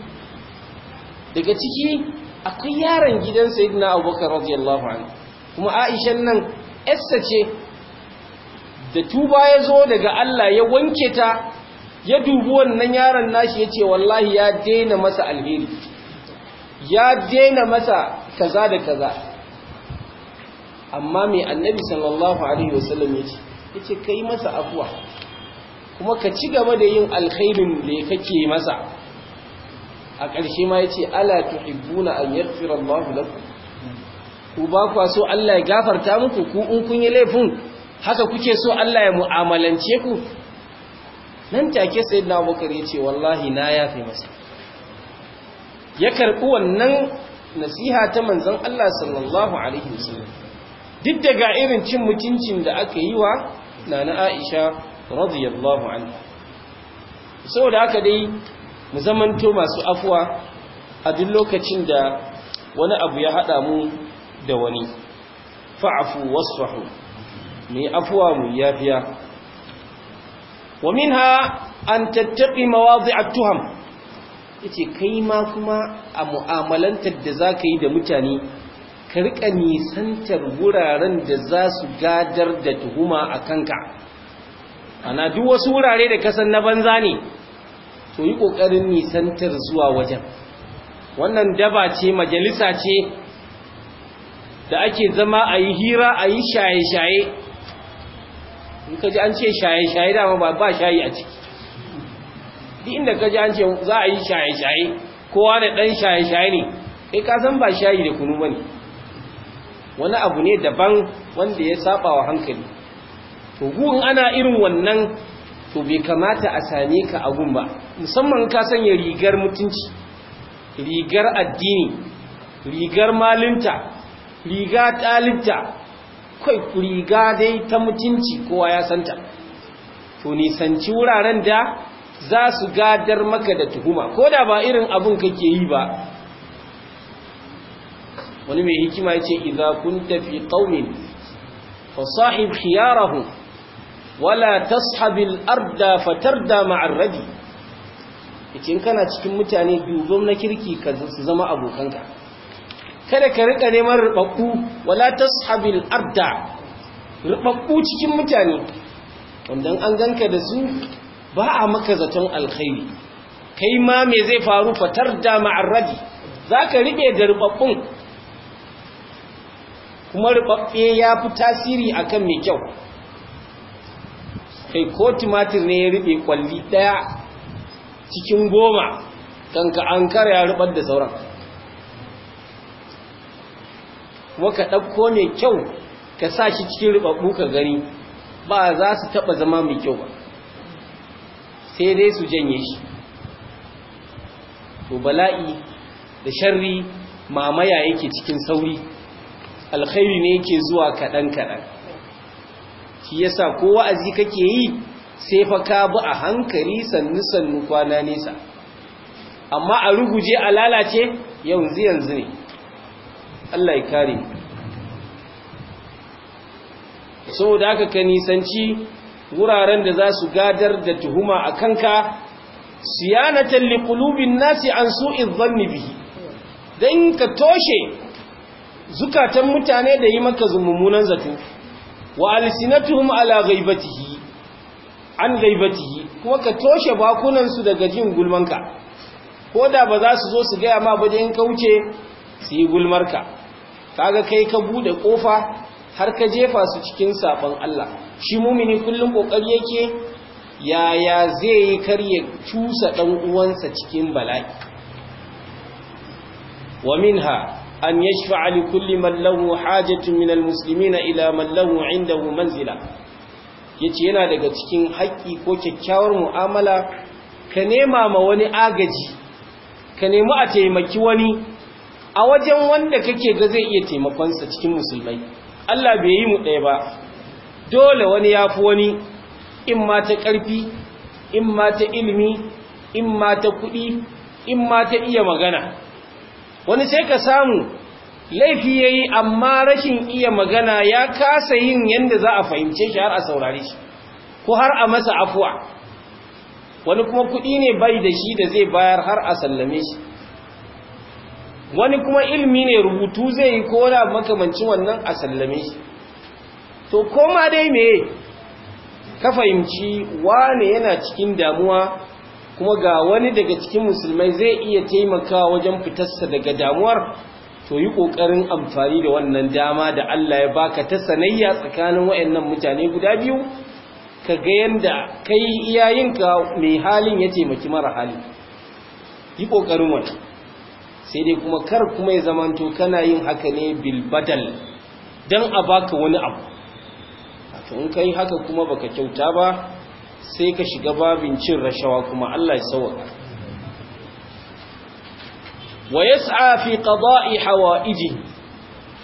daga ciki akwai yaron gidan sayyidina Abubakar radiyallahu anhu kuma Aisha nan yarsa ce da tuba ya zo daga Allah ya wanke ta ya dubi wannan yaron nashi ya ce wallahi ya daina masa alheri ya daina masa kaza da kaza amma mai annabi sallallahu alaihi wasallam ya ce ya ce ka yi masa afuwa kuma ka ci gaba da yin alkhairin da ya kake masa a ƙarshe ma ya ce ala tuhibbuna an yaghfira Allahu lakum ku ba kwa so Allah ya gafarta muku ku in kun yi laifin haka kuke so Allah ya mu'amalance ku nan take sai na ya ce wallahi na yafe masa ya karɓi wannan nasiha ta manzan Allah sallallahu alaihi wasallam duk daga irin cin mutuncin da aka yi wa nana Aisha radiyallahu anha saboda aka dai mu zamanto masu afuwa a duk lokacin da wani abu ya haɗa mu da wani fa'afu wasfahu mai afuwa mu yafiya wa ha an tattaqi mawadhi'at tuham yace kai ma kuma a mu'amalantar da za ka yi da mutane ka riƙa nisantar wuraren da za su gadar da tuhuma a kanka ana duk wasu wurare da kasan na banza ne to yi ƙoƙarin nisantar zuwa wajen wannan daba ce majalisa ce da ake zama a yi hira a yi shaye-shaye in ka ji an ce shaye-shaye dama ba ba shayi a ciki duk inda ka ji an ce za a yi shaye-shaye kowa da ɗan shaye-shaye ne kai ka san ba shayi da kunu ba ne wani abu ne daban wanda ya saba wa hankali to gun ana irin wannan to bai kamata a same ka a gun ba musamman ka sanya rigar mutunci rigar addini rigar malinta riga talinta kai kuriga dai ta mutunci kowa ya santa to nisanci wuraren da za su gadar maka da tuhuma ko da ba irin abin kake yi ba wani mai hikima ya ce idza kunta fi qaumin fasahib khiyarahu wala tashabil arda fatarda da radi ikin kana cikin mutane dubon na kirki ka zama abokanka kada ka rika neman rubabbu wala tashabil abda rubabbu cikin mutane wanda an ganka da su ba a maka zaton alkhairi kai ma me zai faru fatar da ma'arradi zaka rike da rubabbun kuma rubabbe ya fi tasiri akan mai kyau kai ko tumatir ne ya riɓe kwalli daya cikin goma kanka an kare ya rubar da sauran kuma ka ɗauko mai kyau ka sa shi cikin rubabbu ka gani ba za su taɓa zama mai kyau ba sai dai su janye shi to bala'i da sharri mamaya yake cikin sauri alkhairi ne yake zuwa kaɗan-kaɗan shi yasa ko wa'azi kake yi sai fa ka bi a hankali sannu-sannu kwana nesa amma a ruguje a lalace yanzu yanzu ne Allah ya kare saboda haka ka nisanci wuraren da za su gadar da tuhuma a kanka siyanatan liqulubin nasi an su'iz zanni bihi dan ka toshe zukatan mutane da yi maka zumumunan zato wa alsinatuhum ala ghaibatihi an ghaibatihi kuma ka toshe bakunan su daga jin gulmanka koda ba za su zo su gaya ma ba in ka wuce su yi gulmarka kaga kai ka bude kofa har ka jefa su cikin sabon Allah shi mumini kullum kokari yake yaya zai yi karye cusa dan uwansa cikin bala'i wa minha an yashfa'a li kulli man lahu hajatu min almuslimina ila man lahu 'indahu manzila yace yana daga cikin haƙƙi ko kyakkyawar mu'amala ka nema ma wani agaji ka nemi a taimaki wani a wajen wanda kake ga zai iya taimakonsa cikin musulmai Allah bai yi mu ɗaya ba dole wani ya fi wani in ma ta ƙarfi in ma ta ilimi in ma ta kuɗi in ma ta iya magana wani sai ka samu laifi ya yi amma rashin iya magana ya kasa yin yadda za a fahimce shi har a saurari shi ko har a masa afuwa wani kuma kuɗi ne bai da shi da zai bayar har a sallame shi wani kuma ilmi ne rubutu zai yi ko makamancin wannan a sallame shi to koma dai me ka fahimci wane yana cikin damuwa kuma ga wani daga cikin musulmai zai iya taimakawa wajen fitarsa daga damuwar to yi ƙoƙarin amfani da wannan dama da Allah ya baka ta sanayya tsakanin wayannan mutane guda biyu ka ga yadda kai iyayinka mai halin ya taimaki mara hali yi ƙoƙarin wannan sai dai kuma kar kuma ya zamanto kana yin haka ne bilbadal dan a baka wani abu to in kai haka kuma baka kyauta ba sai ka shiga babin cin rashawa kuma Allah ya sauka wa yas'a fi qada'i hawa'iji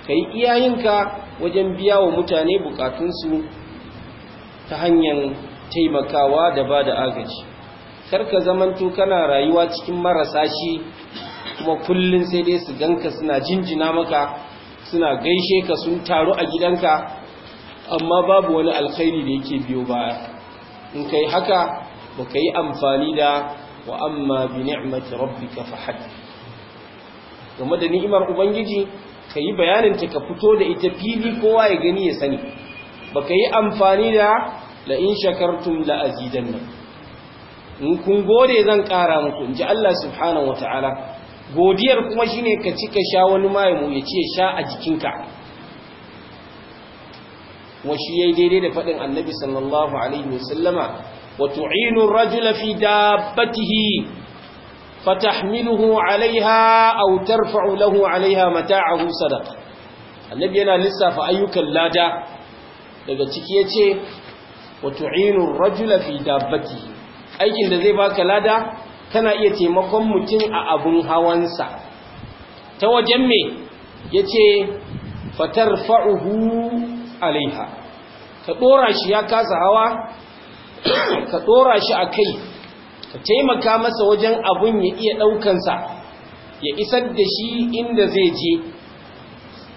kai iyayenka wajen biya wa mutane bukatunsu ta hanyar taimakawa da ba da agaji karka zamanto kana rayuwa cikin marasa shi kuma kullun sai dai su ganka suna jinjina maka suna gaishe ka sun taru a gidanka amma babu wani alkhairi da yake biyo baya in kai haka baka yi amfani da wa amma bi ni'mati rabbika fahad game da ni'imar ubangiji ka yi ta ka fito da ita fili kowa ya gani ya sani baka yi amfani da in shakartum la nan in kun gode zan ƙara muku in ji Allah subhanahu wata'ala godiyar kuma shine ka cika sha wani mayamu ya ce sha a jikinka washi yayi daidai da fadin annabi sallallahu alaihi wasallama wa tu'inu rajula fi dabbatihi fatahmiluhu alaiha aw tarfa'u lahu alaiha mata'ahu sadaqa annabi yana lissafa ayyukan lada daga ciki yace wa tu'inu rajula fi dabbatihi aikin da zai baka lada tana iya taimakon mutum a abun hawansa ta wajen me ya ce fatar fa'uhu alaiha ka ɗora shi ya kasa hawa ka ɗora shi a kai ka taimaka masa wajen abun ya iya ɗaukansa ya isar da shi inda zai je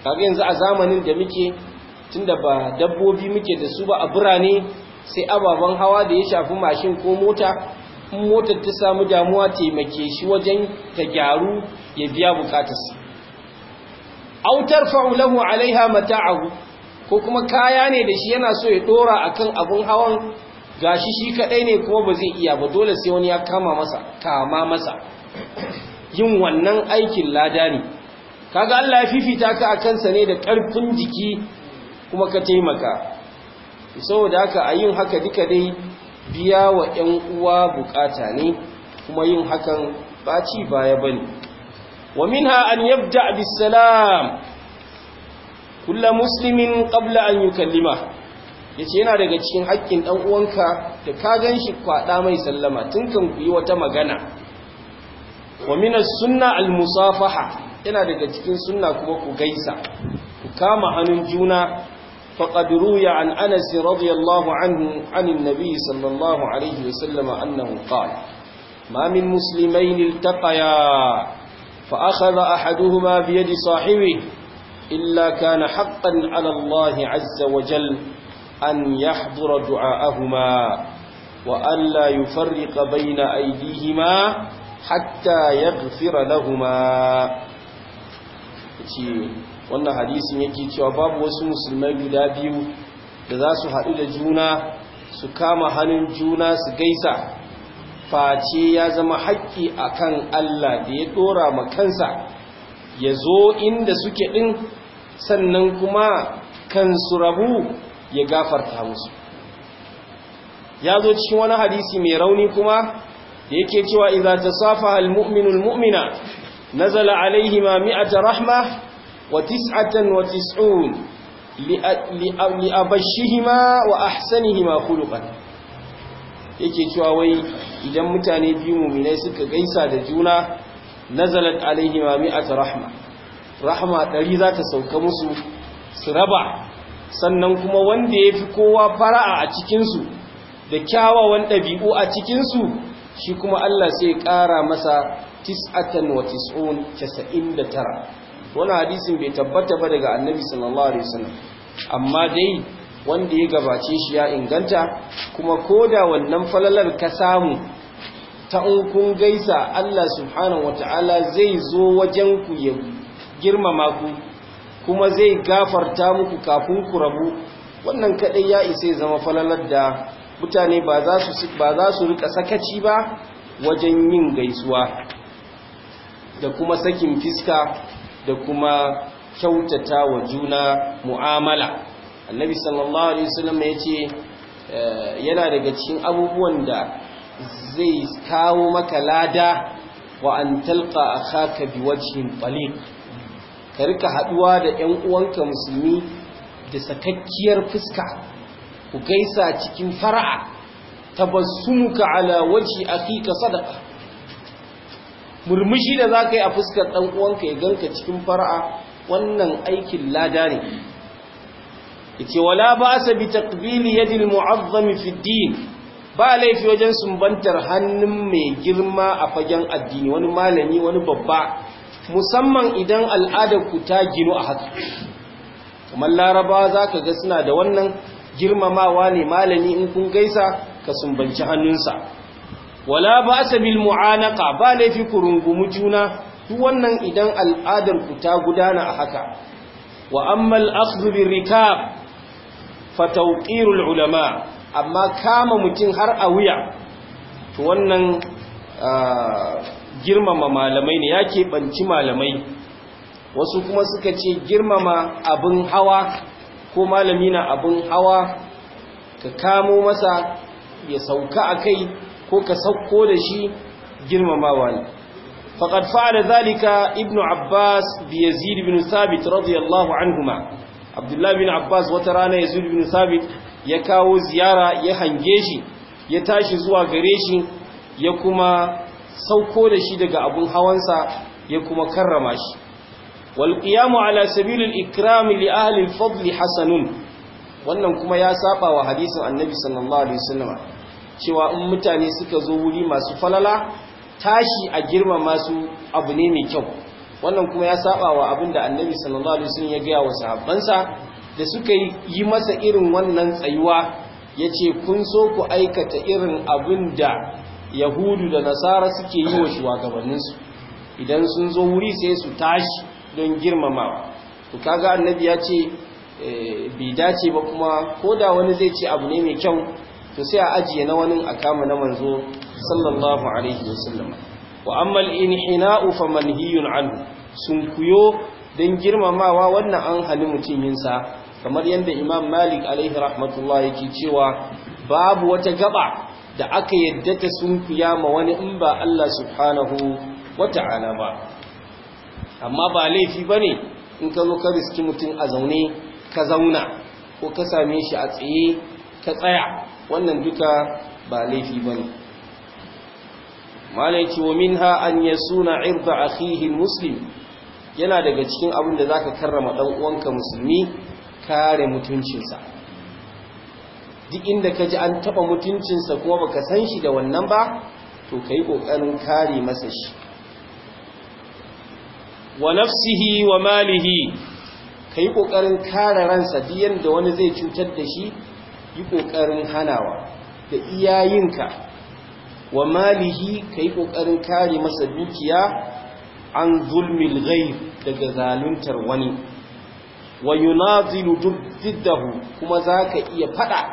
kaga yanzu a zamanin da muke tunda ba dabbobi muke da su ba a birane sai ababen hawa da ya shafi mashin ko mota in motar ta samu damuwa taimake shi wajen ta gyaru ya biya bukatarsa Autar faulahu alaiha 'alayha abu ko kuma kaya ne da shi yana so ya dora akan abin hawan gashi shi kadai ne kuma ba zai iya ba dole sai wani ya kama masa kama masa yin wannan aikin lada ne kaga Allah ya fifita ka a kansa ne da ƙarfin jiki kuma ka taimaka saboda haka a yin haka duka dai biya wa 'yan uwa bukata ne kuma yin hakan ba ci baya ne. wa min ha an yabda bis salam kullu muslimin qabla an yukallima yace yana daga cikin haƙƙin dan uwanka da ka ganshi kwaɗa mai sallama tun kan ku wata magana wa minas sunna al musafaha yana daga cikin sunna kuma ku gaisa ku kama hannun juna فقد روي عن أنس رضي الله عنه عن النبي صلى الله عليه وسلم أنه قال ما من مسلمين التقيا فأخذ أحدهما بيد صاحبه إلا كان حقا على الله عز وجل أن يحضر دعاءهما وألا يفرق بين أيديهما حتى يغفر لهما wannan hadisin yake cewa babu wasu musulmai guda biyu da za su haɗu da juna su kama hannun juna su gaisa face ya zama haƙƙi akan Allah da ya ɗora ma kansa ya zo inda suke ɗin sannan kuma kansu rabu ya gafarta musu ya zo cikin wani hadisi mai rauni kuma da yake cewa ta tasafa al-mu'minu al-mu'mina nazala alaihima mi'ata rahma وتسعة وتسعون لأبشهما وأحسنهما خلقا yake cewa wai idan mutane biyu muminai suka gaisa da juna nazalat alaihi ma mi'at rahma rahma ɗari za ta sauka musu su raba sannan kuma wanda ya fi kowa fara'a a cikinsu da kyawawan ɗabi'u a cikinsu shi kuma Allah sai ƙara masa tis'atan wa tis'un casa'in da tara wani hadisin bai tabbata ba daga annabi sallallahu alaihi wasallam amma dai wanda ya gabace shi ya inganta kuma koda wannan falalar ka samu ta in gaisa Allah subhanahu wataala zai zo wajen ku ya girmama ku kuma zai gafarta muku kafin ku rabu wannan kadai ya isa zama falalar da mutane ba za su ba za su rika sakaci ba wajen yin gaisuwa da kuma sakin fiska da kuma kyautata wa juna mu'amala annabi sallallahu alaihi wasallam ya ce eh, yana daga cikin abubuwan da zai kawo maka lada wa an talqa akhaka biwajhin taliq ka rika haduwa da ƴan uwanka musulmi da sakakkiyar fuska ku gaisa cikin fara'a tabassumuka ala wajhi akika sadaqa murmushi da za ka yi a fuskar ɗan uwanka ya ganka cikin fara'a wannan aikin lada ne ce wala ba sa bi takbili yadi al fi din ba laifi wajen sumbantar hannun mai girma a fagen addini wani malami wani babba musamman idan al'adar ku ta ginu a haka kamar laraba ka ga suna da wannan girmamawa ne malami in kun gaisa ka sumbanci hannunsa wala ba asabil mu'anaka ba laifi ku rungumi juna Tuwannan wannan idan al'adar ku ta gudana a haka wa ammal akhdhu rikab fa tawqirul ulama amma kama mutum har a wuya to wannan girmama malamai ne yake keɓanci malamai wasu kuma suka ce girmama abin hawa ko malami na abin hawa ka kamo masa ya sauka a kai ko ka sauko da shi girmamawa ne faqad da zalika Ibn abbas bi yazid sabit radiyallahu anhuma Abdullahi bin abbas wata rana yazid bin sabit ya kawo ziyara ya hange shi ya tashi zuwa gare shi ya kuma sauko da shi daga abun hawansa ya kuma karrama shi Walƙiyamu ala sabilil ikram li ahli fadli hasanun wannan kuma ya saba wa hadisin annabi sallallahu alaihi wasallam cewa in mutane suka zo wuri masu falala tashi a girmama su abu ne mai kyau wannan kuma ya saba wa abin da annabi sallallahu alaihi wasallam ya gaya wa sahabbansa da suka yi masa irin wannan tsayuwa yace kun so ku aikata irin abin da yahudu da nasara suke yi wa su idan sun zo wuri sai su tashi don girmamawa to kaga annabi ya ce eh, bai dace ba kuma ko da wani zai ce abu ne mai kyau to sai a ajiye na wani a kama na manzo sallallahu alaihi wasallam wa amma al-inhina'u fa manhiyun anhu sun kuyo dan girmamawa wannan an hali mutum yin sa kamar yanda imam malik alaihi rahmatullah yake cewa babu wata gaba da aka yadda ta sun kuya ma wani in ba Allah subhanahu wata'ala ba amma ba laifi bane in ka zo ka riski mutum a zaune ka zauna ko ka same shi a tsaye ka tsaya wannan duka ba laifi ba ne malaiki wa ha an yi suna irba a muslim yana daga cikin abin da za ka karrama ɗan'uwanka musulmi kare mutuncinsa duk inda ka ji an taɓa mutuncinsa kuma ba ka san shi da wannan ba to ka yi ƙoƙarin kare masa shi wa nafsihi wa malihi ka yi ƙoƙarin kare ransa duk yadda wani zai cutar da shi yi ƙoƙarin hanawa da iyayinka wa malihi ka yi ƙoƙarin kare masa dukiya an zulmil gai daga zaluntar wani wa yunazilu diddahu kuma za ka iya faɗa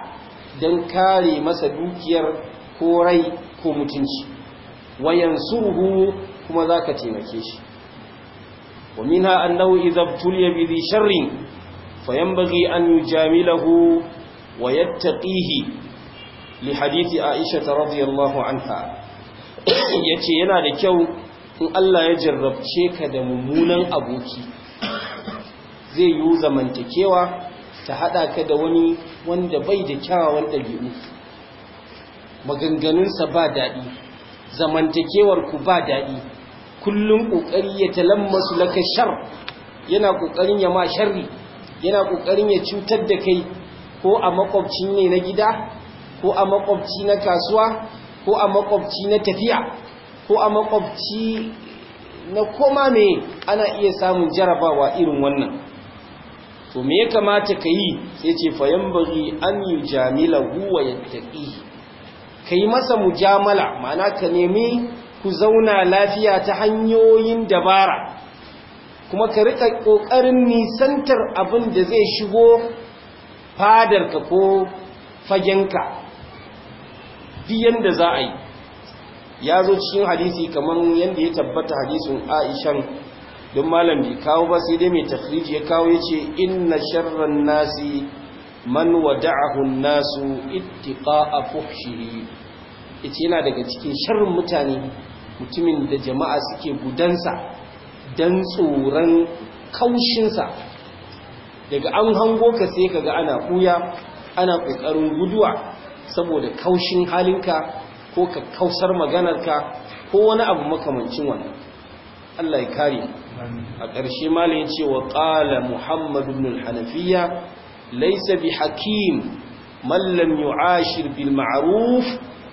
don kare masa dukiyar ko rai ko mutunci wa yansuruhu kuma za ka taimake shi wa minha annahu idza ya bi dhi sharrin fayanbaghi an yujamilahu wa yattaqihi li hadisi Aisha radhiyallahu anha ce yana da kyau in Allah ya jarrabce ka da mummunan aboki zai yiwu zamantakewa ta haɗa ka da wani wanda bai da kyawawan ɗabi'u maganganunsa ba daɗi zamantakewar ku ba daɗi kullum ƙoƙari ya talammasu laka shar yana ƙoƙarin ya ma sharri yana ƙoƙarin ya cutar da kai ko a makwabci ne na gida ko a makwabci na kasuwa ko a makwabci na tafiya ko a makwabci na koma me ana iya samun jarabawa irin wannan to me ya kamata ka yi sai ce fayan bari an yi jamila huwa ya taƙi ka yi masa mujamala mana ka nemi ku zauna lafiya ta hanyoyin dabara kuma ka riƙa ƙoƙarin nisantar abin da zai shigo fadarka ko fagenka biyan da za a yi ya zo cikin hadisi kamar yadda ya tabbata hadisin aishan don malam bi kawo ba sai dai mai tafriji ya kawo ya ce inna sharran nasi man da'ahun nasu a fushiri. ita yana daga cikin sharrin mutane mutumin da jama'a suke gudansa don tsoron kaushinsa daga an hango ka sai kaga ana kuya ana kokarin guduwa saboda kaushin halinka ko ka kausar maganarka ko wani abu makamancin wannan Allah ya kare a ƙarshe malin ya ce wa ƙala muhammadu ibn hanafiya laisa bi hakim mallam lam yu'ashir bil ma'ruf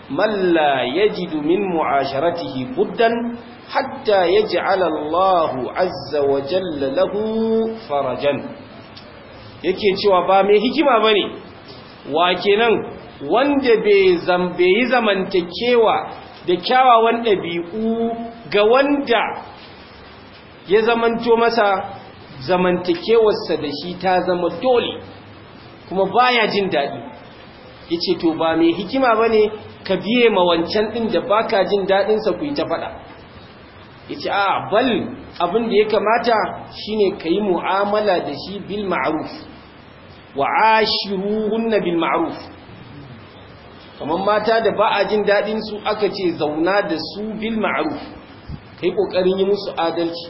man la yajidu min mu'asharatihi buddan hatta yaj'ala Allahu azza wa jalla lahu farajan yake cewa ba mai hikima ba ne wa nan wanda bai yi zamantakewa da kyawawan ɗabi'u ga wanda ya zamanto masa zamantakewarsa da shi ta zama dole kuma baya jin daɗi ya ce to ba mai hikima ba ne ka biye ma wancan ɗin da baka jin daɗinsa ku yi ta faɗa ya ce a bal abin da ya kamata shine ka yi mu'amala da shi bil ma'aruf wa ashiruhunna bil ma'ruf kamar mata da ba a jin dadin su aka ce zauna da su bil ma'ruf kai kokarin yi musu adalci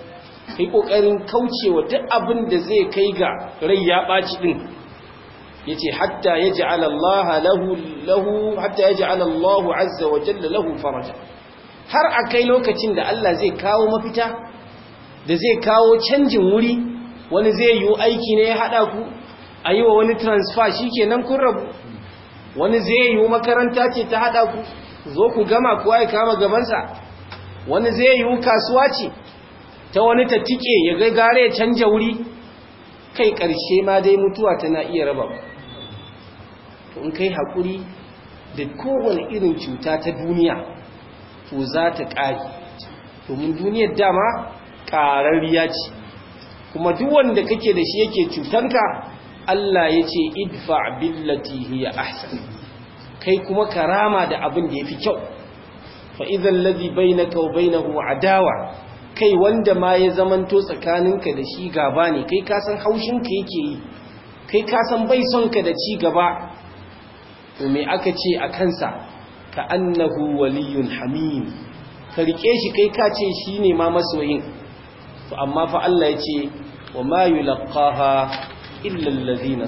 kai kokarin kaucewa duk abin da zai kai ga rai ya baci din yace hatta yaj'al Allah lahu lahu hatta yaj'al Allah azza wa jalla lahu faraja har akai lokacin da Allah zai kawo mafita da zai kawo canjin wuri wani zai yi aiki ne ya hada ku a yi wa wani transfer shi ke nan kun rabu wani zai yi makaranta ce ta haɗa ku zo ku gama ku ya kama gabansa wani zai yi kasuwa ce ta wani ta tike ya ga gare ya canja wuri kai ƙarshe ma dai mutuwa tana iya raba to in kai haƙuri da kowane irin cuta ta duniya to za ta ƙari domin duniyar dama ƙararriya ce kuma duk wanda kake da shi yake cutanka Allah ya ce idfa billati hiya ahsan kai kuma karama da abin da yafi kyau fa idhal ladhi bainaka wa bainahu adawa kai wanda ma ya zamanto tsakaninka da shi gaba ne kai ka san haushin ka yake yi kai ka san bai son ka da ci gaba to me aka ce a kansa ka annahu waliyun hamim ka rike shi kai ka ce shine ma masoyin to amma fa Allah ya ce wa ma yulqaha illal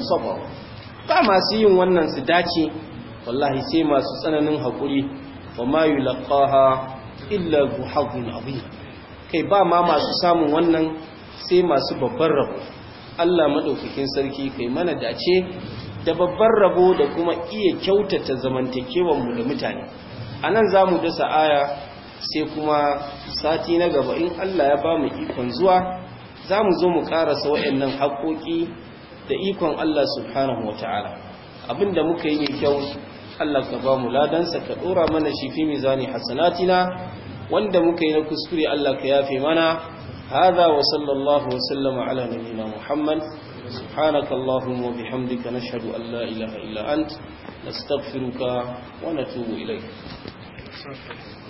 ba masu yin wannan su dace wallahi sai masu tsananin hakuri wa ma yulqaha illa zu kai ba ma masu samun wannan sai masu babbar rabo Allah maɗaukakin sarki kai mana dace da babbar rabo da kuma iya kyautata zamantakewar mu da mutane A anan zamu dasa aya sai kuma sati na gaba in Allah ya ba mu ikon zuwa zamu zo mu karasa waɗannan haƙoƙi da ikon Allah subhanahu wata'ala abinda muka yi mai kyau Allah ka ba mu ladansa ka dora mana shi fi mizani hasanatina wanda muka yi na kuskure Allah ka yafe mana hada wa sallallahu wa sallama ala nabiyyina muhammad سبحانك اللهم وبحمدك نشهد أن لا إله إلا أنت نستغفرك ونتوب إليك